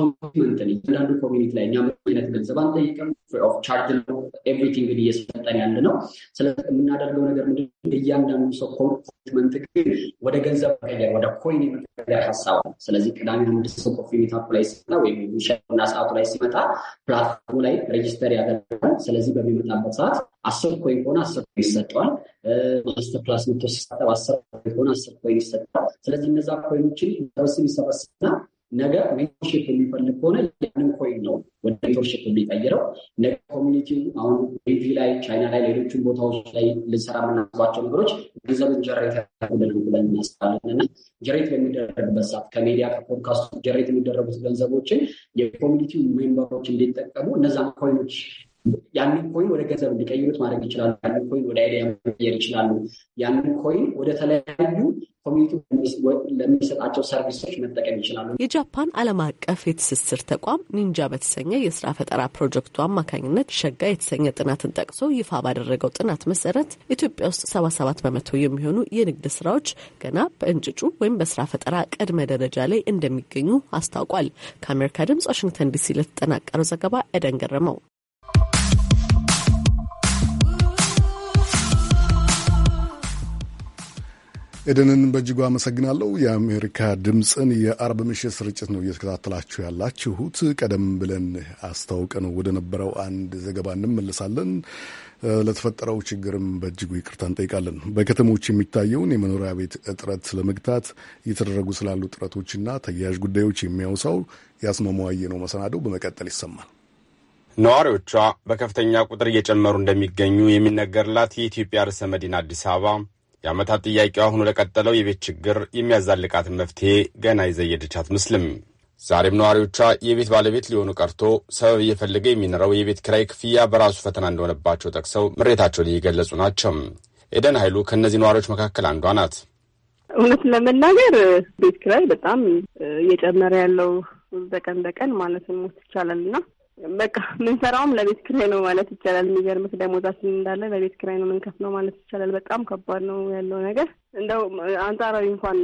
ኮሚትመንት እያንዳንዱ ኮሚኒቲ ላይ እኛ አይነት ገንዘብ አንጠይቅም። ፍሪ ኦፍ ቻርጅ ነው ኤቭሪቲንግ እየሰጠን ያለ ነው። ስለዚህ የምናደርገው ነገር ምንድን እያንዳንዱ ሰው ኮሚትመንት ግን ወደ ገንዘብ መቀየር ወደ ኮይን የመቀየር ሀሳብ ነው። ስለዚህ ቅዳሜ አንድ ሰው ኮፊ ሜታፕ ላይ ሲመጣ ወይም ሚሸና ሰዓቱ ላይ ሲመጣ ፕላትፎርሙ ላይ ሬጅስተር ያደርጋል። ስለዚህ በሚመጣበት ሰዓት አስር ኮይን ከሆነ አስር ኮይን ይሰጠዋል። ማስተር ክላስ መቶ ሲሰጠው አስር ኮይን ከሆነ አስር ኮይን ይሰጠዋል። ስለዚህ እነዛ ኮይኖችን ሰበስብ ይሰበስብና ነገ ሜንቶርሺፕ የሚፈልግ ከሆነ ያንን ኮይን ነው ወደ ሜንቶርሺፕ የሚቀይረው። ነገ ኮሚኒቲው አሁን ቤቲ ላይ፣ ቻይና ላይ፣ ሌሎችን ቦታዎች ላይ ልንሰራ የምናስባቸው ነገሮች ገንዘብን ጀሬት ያደርጉ ብለን እናስባለን እና ጀሬት በሚደረግበት ሰዓት ከሜዲያ ከፖድካስቱ ጀሬት የሚደረጉት ገንዘቦችን የኮሚኒቲው ሜምበሮች እንዲጠቀሙ እነዛን ኮይኖች ያንን ኮይን ወደ ገንዘብ እንዲቀይሩት ማድረግ ይችላሉ። ያንን ኮይን ወደ አይዲያ መቀየር ይችላሉ። ያንን ኮይን ወደ ተለያዩ ለሚሰጣቸው ሰርቪሶች መጠቀም ይችላሉ። የጃፓን ዓለም አቀፍ የትስስር ተቋም ኒንጃ በተሰኘ የስራ ፈጠራ ፕሮጀክቱ አማካኝነት ሸጋ የተሰኘ ጥናትን ጠቅሶ ይፋ ባደረገው ጥናት መሰረት ኢትዮጵያ ውስጥ ሰባ ሰባት በመቶ የሚሆኑ የንግድ ስራዎች ገና በእንጭጩ ወይም በስራ ፈጠራ ቅድመ ደረጃ ላይ እንደሚገኙ አስታውቋል። ከአሜሪካ ድምጽ ዋሽንግተን ዲሲ ለተጠናቀረው ዘገባ ኤደን ገረመው ኤደንን በእጅጉ አመሰግናለሁ። የአሜሪካ ድምፅን የአርብ ምሽት ስርጭት ነው እየተከታተላችሁ ያላችሁት። ቀደም ብለን አስታውቀነው ወደ ነበረው አንድ ዘገባ እንመልሳለን። ለተፈጠረው ችግርም በእጅጉ ይቅርታ እንጠይቃለን። በከተሞች የሚታየውን የመኖሪያ ቤት እጥረት ለመግታት እየተደረጉ ስላሉ ጥረቶችና ተያያዥ ጉዳዮች የሚያውሳው ያስማማዋየ ነው መሰናደው በመቀጠል ይሰማል። ነዋሪዎቿ በከፍተኛ ቁጥር እየጨመሩ እንደሚገኙ የሚነገርላት የኢትዮጵያ ርዕሰ መዲና አዲስ አበባ የአመታት ጥያቄዋ አሁኑ ለቀጠለው የቤት ችግር የሚያዛልቃትን መፍትሄ ገና የዘየደች አትመስልም። ዛሬም ነዋሪዎቿ የቤት ባለቤት ሊሆኑ ቀርቶ ሰበብ እየፈለገ የሚኖረው የቤት ክራይ ክፍያ በራሱ ፈተና እንደሆነባቸው ጠቅሰው ምሬታቸውን እየገለጹ ናቸው። ኤደን ኃይሉ ከእነዚህ ነዋሪዎች መካከል አንዷ ናት። እውነት ለመናገር ቤት ክራይ በጣም እየጨመረ ያለው በቀን በቀን ማለት ሞት ይቻላል እና በቃ የምንሰራውም ለቤት ኪራይ ነው ማለት ይቻላል። የሚገርምህ ደሞዛችን እንዳለ ለቤት ኪራይ ነው ምንከፍ ነው ማለት ይቻላል። በጣም ከባድ ነው ያለው ነገር። እንደው አንጻራዊ እንኳን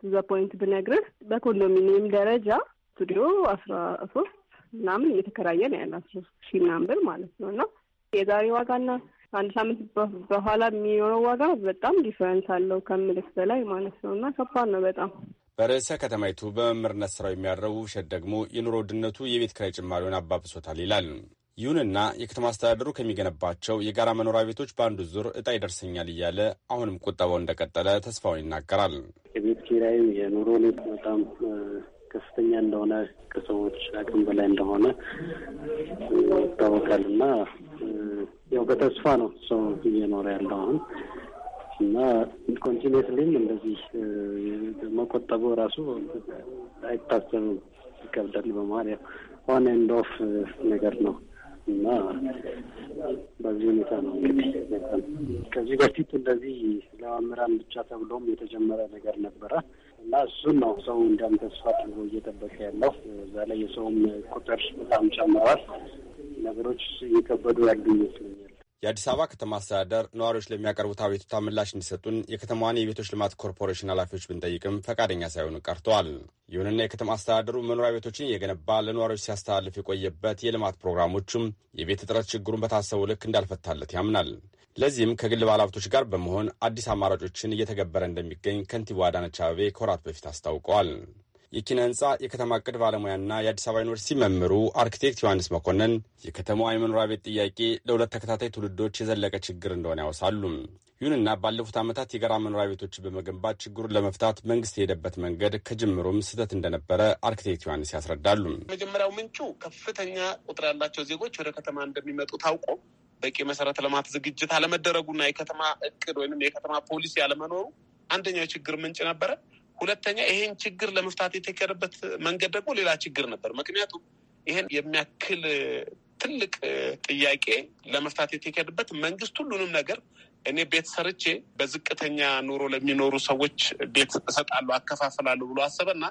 ቱዘ ፖይንት ብነግርህ በኮንዶሚኒየም ደረጃ ስቱዲዮ አስራ ሶስት ምናምን እየተከራየ ነው ያለ አስራ ሺ ምናምን ብር ማለት ነው እና የዛሬ ዋጋና አንድ ሳምንት በኋላ የሚኖረው ዋጋ በጣም ዲፈረንስ አለው ከምልክ በላይ ማለት ነው እና ከባድ ነው በጣም በርዕሰ ከተማይቱ በመምህርነት ስራው የሚያረቡ ውሸት ደግሞ የኑሮ ውድነቱ የቤት ክራይ ጭማሪውን አባብሶታል ይላል። ይሁንና የከተማ አስተዳደሩ ከሚገነባቸው የጋራ መኖሪያ ቤቶች በአንዱ ዙር እጣ ይደርሰኛል እያለ አሁንም ቁጠባው እንደቀጠለ ተስፋውን ይናገራል። የቤት ኪራይ የኑሮ ሁኔታ በጣም ከፍተኛ እንደሆነ ከሰዎች አቅም በላይ እንደሆነ ይታወቃል እና ያው በተስፋ ነው ሰው እየኖረ ያለው አሁን እና ኮንቲኔትሊም እንደዚህ መቆጠቡ ራሱ አይታሰብም፣ ይከብዳል። በመሀል ዋን ኤንድ ኦፍ ነገር ነው እና በዚህ ሁኔታ ነው እንግዲህ ከዚህ በፊት እንደዚህ ለአምራን ብቻ ተብሎም የተጀመረ ነገር ነበረ እና እሱን ነው ሰው እንዲያም ተስፋ አድርጎ እየጠበቀ ያለው። እዛ ላይ የሰውም ቁጥር በጣም ጨምረዋል። ነገሮች እየከበዱ ያሉ ይመስለኛል። የአዲስ አበባ ከተማ አስተዳደር ነዋሪዎች ለሚያቀርቡት አቤቱታ ምላሽ እንዲሰጡን የከተማዋን የቤቶች ልማት ኮርፖሬሽን ኃላፊዎች ብንጠይቅም ፈቃደኛ ሳይሆኑ ቀርተዋል። ይሁንና የከተማ አስተዳደሩ መኖሪያ ቤቶችን እየገነባ ለነዋሪዎች ሲያስተላልፍ የቆየበት የልማት ፕሮግራሞቹም የቤት እጥረት ችግሩን በታሰቡ ልክ እንዳልፈታለት ያምናል። ለዚህም ከግል ባለሀብቶች ጋር በመሆን አዲስ አማራጮችን እየተገበረ እንደሚገኝ ከንቲባ አዳነች አበቤ ከወራት በፊት አስታውቀዋል። የኪነ ህንፃ የከተማ እቅድ ባለሙያና የአዲስ አበባ ዩኒቨርሲቲ መምህሩ አርክቴክት ዮሐንስ መኮንን የከተማዋ የመኖሪያ ቤት ጥያቄ ለሁለት ተከታታይ ትውልዶች የዘለቀ ችግር እንደሆነ ያወሳሉ። ይሁንና ባለፉት ዓመታት የጋራ መኖሪያ ቤቶችን በመገንባት ችግሩን ለመፍታት መንግስት የሄደበት መንገድ ከጅምሩም ስህተት እንደነበረ አርክቴክት ዮሐንስ ያስረዳሉ። መጀመሪያው ምንጩ ከፍተኛ ቁጥር ያላቸው ዜጎች ወደ ከተማ እንደሚመጡ ታውቆ በቂ መሰረተ ልማት ዝግጅት አለመደረጉና የከተማ እቅድ ወይም የከተማ ፖሊሲ አለመኖሩ አንደኛው ችግር ምንጭ ነበረ። ሁለተኛ ይሄን ችግር ለመፍታት የተከረበት መንገድ ደግሞ ሌላ ችግር ነበር። ምክንያቱም ይሄን የሚያክል ትልቅ ጥያቄ ለመፍታት የተካሄደበት መንግስት ሁሉንም ነገር እኔ ቤት ሰርቼ በዝቅተኛ ኑሮ ለሚኖሩ ሰዎች ቤት እሰጣለሁ፣ አከፋፍላለሁ ብሎ አሰበና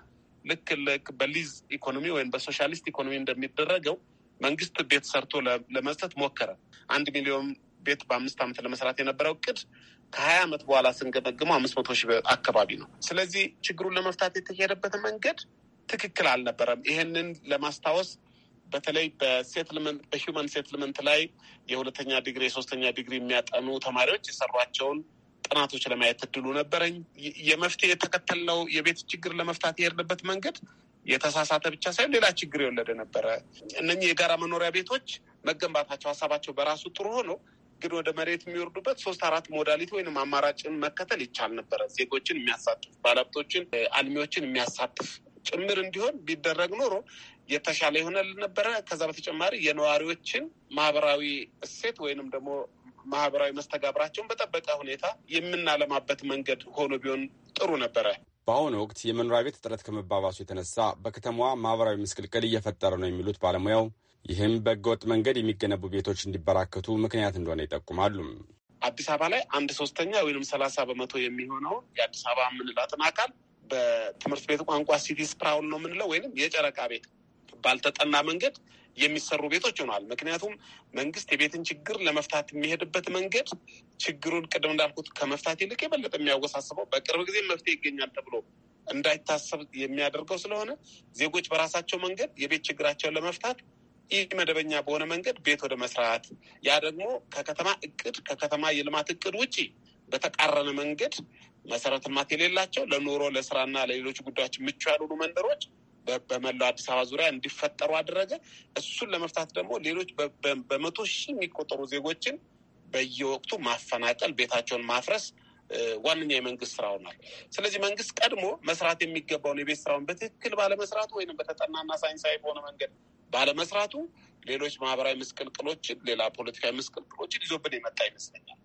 ልክ ልክ በሊዝ ኢኮኖሚ ወይም በሶሻሊስት ኢኮኖሚ እንደሚደረገው መንግስት ቤት ሰርቶ ለመስጠት ሞከረ። አንድ ሚሊዮን ቤት በአምስት ዓመት ለመስራት የነበረው እቅድ ከሀያ ዓመት በኋላ ስንገመግመው አምስት መቶ ሺህ አካባቢ ነው። ስለዚህ ችግሩን ለመፍታት የተሄደበት መንገድ ትክክል አልነበረም። ይሄንን ለማስታወስ በተለይ በሴትልመንት ሴትልመንት ላይ የሁለተኛ ዲግሪ የሶስተኛ ዲግሪ የሚያጠኑ ተማሪዎች የሰሯቸውን ጥናቶች ለማየት እድሉ ነበረኝ። የመፍትሄ የተከተልነው የቤት ችግር ለመፍታት የሄድንበት መንገድ የተሳሳተ ብቻ ሳይሆን ሌላ ችግር የወለደ ነበረ። እነኚህ የጋራ መኖሪያ ቤቶች መገንባታቸው ሀሳባቸው በራሱ ጥሩ ሆኖ ግን ወደ መሬት የሚወርዱበት ሶስት አራት ሞዳሊቲ ወይም አማራጭን መከተል ይቻል ነበረ። ዜጎችን የሚያሳትፍ ባለሀብቶችን፣ አልሚዎችን የሚያሳትፍ ጭምር እንዲሆን ቢደረግ ኖሮ የተሻለ የሆነ ነበረ። ከዛ በተጨማሪ የነዋሪዎችን ማህበራዊ እሴት ወይንም ደግሞ ማህበራዊ መስተጋብራቸውን በጠበቀ ሁኔታ የምናለማበት መንገድ ሆኖ ቢሆን ጥሩ ነበረ። በአሁኑ ወቅት የመኖሪያ ቤት እጥረት ከመባባሱ የተነሳ በከተማዋ ማህበራዊ ምስቅልቅል እየፈጠረ ነው የሚሉት ባለሙያው ይህም በህገወጥ መንገድ የሚገነቡ ቤቶች እንዲበራከቱ ምክንያት እንደሆነ ይጠቁማሉ። አዲስ አበባ ላይ አንድ ሶስተኛ ወይም ሰላሳ በመቶ የሚሆነውን የአዲስ አበባ የምንላትን አካል በትምህርት ቤቱ ቋንቋ ሲቲ ስፕራውን ነው የምንለው ወይም የጨረቃ ቤት ባልተጠና መንገድ የሚሰሩ ቤቶች ሆኗል። ምክንያቱም መንግስት የቤትን ችግር ለመፍታት የሚሄድበት መንገድ ችግሩን ቅድም እንዳልኩት ከመፍታት ይልቅ የበለጠ የሚያወሳስበው በቅርብ ጊዜ መፍትሄ ይገኛል ተብሎ እንዳይታሰብ የሚያደርገው ስለሆነ ዜጎች በራሳቸው መንገድ የቤት ችግራቸውን ለመፍታት ይህ መደበኛ በሆነ መንገድ ቤት ወደ መስራት ያ ደግሞ ከከተማ እቅድ ከከተማ የልማት እቅድ ውጭ በተቃረነ መንገድ መሰረተ ልማት የሌላቸው ለኑሮ ለስራና ለሌሎች ጉዳዮች ምቹ ያልሆኑ መንደሮች በመላው አዲስ አበባ ዙሪያ እንዲፈጠሩ አደረገ። እሱን ለመፍታት ደግሞ ሌሎች በመቶ ሺህ የሚቆጠሩ ዜጎችን በየወቅቱ ማፈናቀል፣ ቤታቸውን ማፍረስ ዋነኛ የመንግስት ስራ ሆኗል። ስለዚህ መንግስት ቀድሞ መስራት የሚገባውን የቤት ስራውን በትክክል ባለመስራቱ ወይም በተጠናና ሳይንሳዊ በሆነ መንገድ ባለመስራቱ ሌሎች ማህበራዊ ምስቅልቅሎችን፣ ሌላ ፖለቲካዊ ምስቅልቅሎችን ይዞብን የመጣ ይመስለኛል።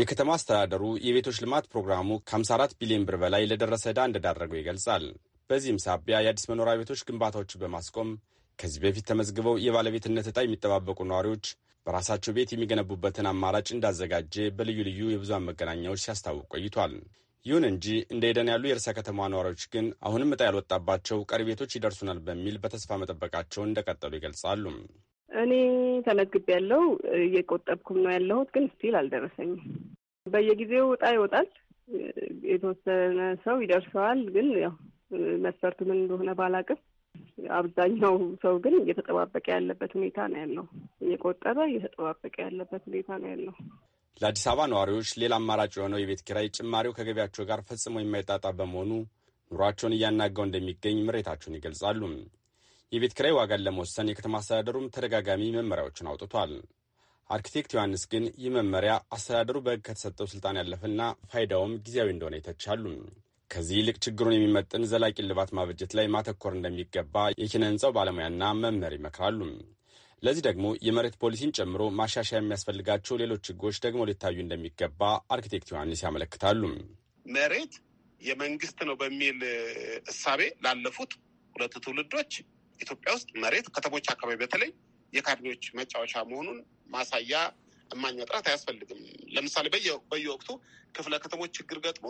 የከተማ አስተዳደሩ የቤቶች ልማት ፕሮግራሙ ከ54 ቢሊዮን ብር በላይ ለደረሰ ዕዳ እንደዳረገው ይገልጻል። በዚህም ሳቢያ የአዲስ መኖሪያ ቤቶች ግንባታዎችን በማስቆም ከዚህ በፊት ተመዝግበው የባለቤትነት ዕጣ የሚጠባበቁ ነዋሪዎች በራሳቸው ቤት የሚገነቡበትን አማራጭ እንዳዘጋጀ በልዩ ልዩ የብዙሃን መገናኛዎች ሲያስታውቅ ቆይቷል። ይሁን እንጂ እንደ ኤደን ያሉ የእርሳ ከተማ ነዋሪዎች ግን አሁንም እጣ ያልወጣባቸው ቀሪ ቤቶች ይደርሱናል በሚል በተስፋ መጠበቃቸውን እንደቀጠሉ ይገልጻሉ። እኔ ተመዝግቤ ያለው እየቆጠብኩም ነው ያለሁት፣ ግን ስቲል አልደረሰኝም። በየጊዜው እጣ ይወጣል። የተወሰነ ሰው ይደርሰዋል፣ ግን ያው መስፈርቱ ምን እንደሆነ ባላቅም አብዛኛው ሰው ግን እየተጠባበቀ ያለበት ሁኔታ ነው ያለው። እየቆጠበ እየተጠባበቀ ያለበት ሁኔታ ነው ያለው። ለአዲስ አበባ ነዋሪዎች ሌላ አማራጭ የሆነው የቤት ኪራይ ጭማሪው ከገቢያቸው ጋር ፈጽሞ የማይጣጣ በመሆኑ ኑሯቸውን እያናገው እንደሚገኝ ምሬታቸውን ይገልጻሉ። የቤት ኪራይ ዋጋን ለመወሰን የከተማ አስተዳደሩም ተደጋጋሚ መመሪያዎችን አውጥቷል። አርኪቴክት ዮሐንስ ግን ይህ መመሪያ አስተዳደሩ በሕግ ከተሰጠው ስልጣን ያለፈና ፋይዳውም ጊዜያዊ እንደሆነ ይተቻሉ። ከዚህ ይልቅ ችግሩን የሚመጥን ዘላቂ ልባት ማበጀት ላይ ማተኮር እንደሚገባ የኪነ ህንፃው ባለሙያና መምህር ይመክራሉ። ለዚህ ደግሞ የመሬት ፖሊሲን ጨምሮ ማሻሻያ የሚያስፈልጋቸው ሌሎች ህጎች ደግሞ ሊታዩ እንደሚገባ አርኪቴክት ዮሐንስ ያመለክታሉ። መሬት የመንግስት ነው በሚል እሳቤ ላለፉት ሁለት ትውልዶች ኢትዮጵያ ውስጥ መሬት ከተሞች አካባቢ በተለይ የካድሬዎች መጫወቻ መሆኑን ማሳያ እማኛ ጥራት አያስፈልግም። ለምሳሌ በየወቅቱ ክፍለ ከተሞች ችግር ገጥሞ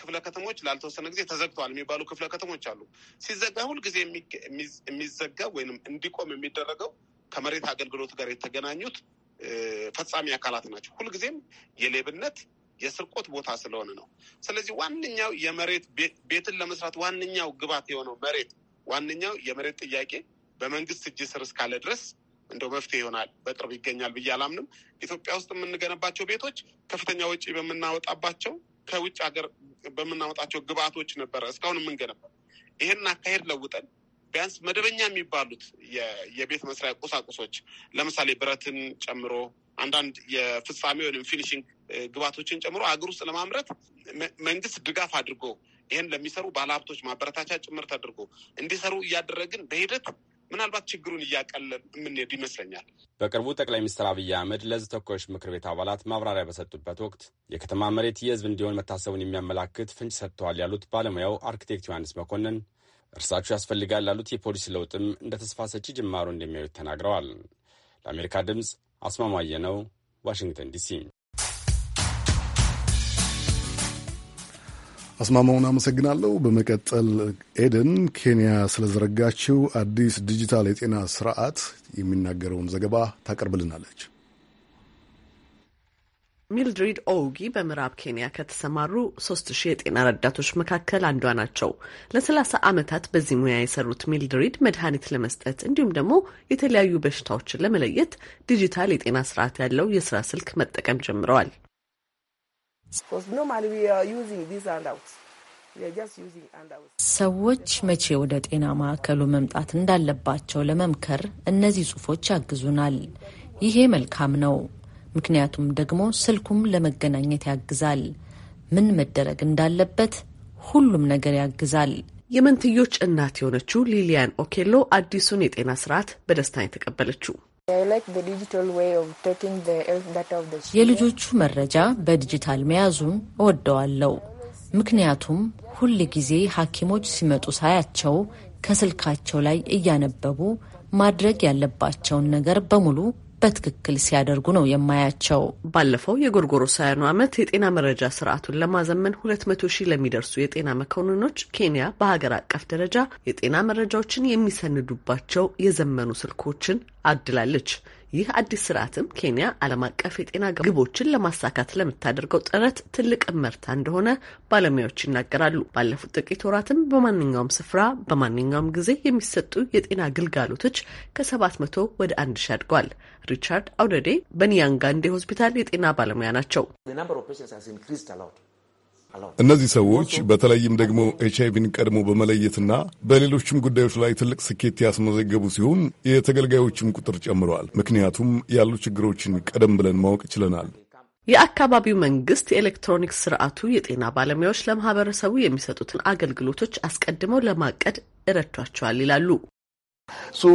ክፍለ ከተሞች ላልተወሰነ ጊዜ ተዘግተዋል የሚባሉ ክፍለ ከተሞች አሉ። ሲዘጋ ሁልጊዜ የሚዘጋ ወይም እንዲቆም የሚደረገው ከመሬት አገልግሎት ጋር የተገናኙት ፈጻሚ አካላት ናቸው። ሁልጊዜም የሌብነት የስርቆት ቦታ ስለሆነ ነው። ስለዚህ ዋነኛው የመሬት ቤትን ለመስራት ዋነኛው ግብዓት የሆነው መሬት ዋነኛው የመሬት ጥያቄ በመንግስት እጅ ስር እስካለ ድረስ እንደው መፍትሄ ይሆናል በቅርብ ይገኛል ብዬ አላምንም። ኢትዮጵያ ውስጥ የምንገነባቸው ቤቶች ከፍተኛ ወጪ በምናወጣባቸው ከውጭ ሀገር በምናወጣቸው ግብዓቶች ነበረ እስካሁን የምንገነባው። ይህን አካሄድ ለውጠን ቢያንስ መደበኛ የሚባሉት የቤት መስሪያ ቁሳቁሶች ለምሳሌ ብረትን ጨምሮ አንዳንድ የፍጻሜ ወይም ፊኒሽንግ ግባቶችን ጨምሮ አገር ውስጥ ለማምረት መንግስት ድጋፍ አድርጎ ይህን ለሚሰሩ ባለሀብቶች ማበረታቻ ጭምር ተደርጎ እንዲሰሩ እያደረግን በሂደት ምናልባት ችግሩን እያቀለል የምንሄድ ይመስለኛል። በቅርቡ ጠቅላይ ሚኒስትር አብይ አህመድ ለሕዝብ ተወካዮች ምክር ቤት አባላት ማብራሪያ በሰጡበት ወቅት የከተማ መሬት የሕዝብ እንዲሆን መታሰቡን የሚያመላክት ፍንጭ ሰጥተዋል ያሉት ባለሙያው አርኪቴክት ዮሐንስ መኮንን እርሳቸው ያስፈልጋል ላሉት የፖሊሲ ለውጥም እንደ ተስፋ ሰጪ እንደሚያዩት ተናግረዋል። ለአሜሪካ ድምፅ አስማማየ ነው፣ ዋሽንግተን ዲሲ። አስማማውን አመሰግናለሁ። በመቀጠል ኤደን ኬንያ ስለዘረጋችው አዲስ ዲጂታል የጤና ስርዓት የሚናገረውን ዘገባ ታቀርብልናለች። ሚልድሪድ ኦውጊ በምዕራብ ኬንያ ከተሰማሩ ሶስት ሺህ የጤና ረዳቶች መካከል አንዷ ናቸው። ለሰላሳ ዓመታት በዚህ ሙያ የሰሩት ሚልድሪድ መድኃኒት ለመስጠት እንዲሁም ደግሞ የተለያዩ በሽታዎችን ለመለየት ዲጂታል የጤና ስርዓት ያለው የስራ ስልክ መጠቀም ጀምረዋል። ሰዎች መቼ ወደ ጤና ማዕከሉ መምጣት እንዳለባቸው ለመምከር እነዚህ ጽሁፎች ያግዙናል። ይሄ መልካም ነው። ምክንያቱም ደግሞ ስልኩም ለመገናኘት ያግዛል። ምን መደረግ እንዳለበት ሁሉም ነገር ያግዛል። የመንትዮች እናት የሆነችው ሊሊያን ኦኬሎ አዲሱን የጤና ስርዓት በደስታ የተቀበለችው የልጆቹ መረጃ በዲጂታል መያዙን እወደዋለሁ። ምክንያቱም ሁል ጊዜ ሐኪሞች ሲመጡ ሳያቸው ከስልካቸው ላይ እያነበቡ ማድረግ ያለባቸውን ነገር በሙሉ በትክክል ሲያደርጉ ነው የማያቸው። ባለፈው የጎርጎሮሳውያኑ ዓመት የጤና መረጃ ስርዓቱን ለማዘመን ሁለት መቶ ሺህ ለሚደርሱ የጤና መኮንኖች ኬንያ በሀገር አቀፍ ደረጃ የጤና መረጃዎችን የሚሰንዱባቸው የዘመኑ ስልኮችን አድላለች። ይህ አዲስ ስርዓትም ኬንያ ዓለም አቀፍ የጤና ግቦችን ለማሳካት ለምታደርገው ጥረት ትልቅ እመርታ እንደሆነ ባለሙያዎች ይናገራሉ። ባለፉት ጥቂት ወራትም በማንኛውም ስፍራ በማንኛውም ጊዜ የሚሰጡ የጤና ግልጋሎቶች ከሰባት መቶ ወደ አንድ ሺ አድገዋል። ሪቻርድ አውደዴ በኒያንጋንዴ ሆስፒታል የጤና ባለሙያ ናቸው። እነዚህ ሰዎች በተለይም ደግሞ ኤች አይቪን ቀድሞ በመለየትና በሌሎችም ጉዳዮች ላይ ትልቅ ስኬት ያስመዘገቡ ሲሆን የተገልጋዮችም ቁጥር ጨምረዋል። ምክንያቱም ያሉ ችግሮችን ቀደም ብለን ማወቅ ችለናል። የአካባቢው መንግስት የኤሌክትሮኒክስ ስርዓቱ የጤና ባለሙያዎች ለማህበረሰቡ የሚሰጡትን አገልግሎቶች አስቀድመው ለማቀድ እረድቷቸዋል ይላሉ። uh,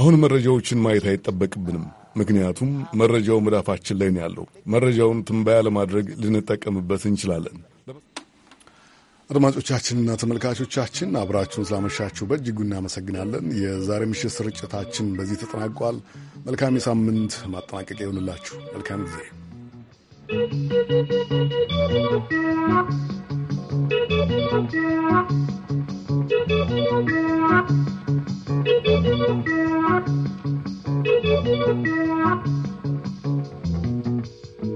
አሁን መረጃዎችን ማየት አይጠበቅብንም። ምክንያቱም መረጃው መዳፋችን ላይ ነው ያለው። መረጃውን ትንበያ ለማድረግ ልንጠቀምበት እንችላለን። አድማጮቻችንና ተመልካቾቻችን አብራችሁን ስላመሻችሁ በእጅጉ እናመሰግናለን። የዛሬ ምሽት ስርጭታችን በዚህ ተጠናቋል። መልካም የሳምንት ማጠናቀቂያ ይሆንላችሁ። መልካም ጊዜ Thank you.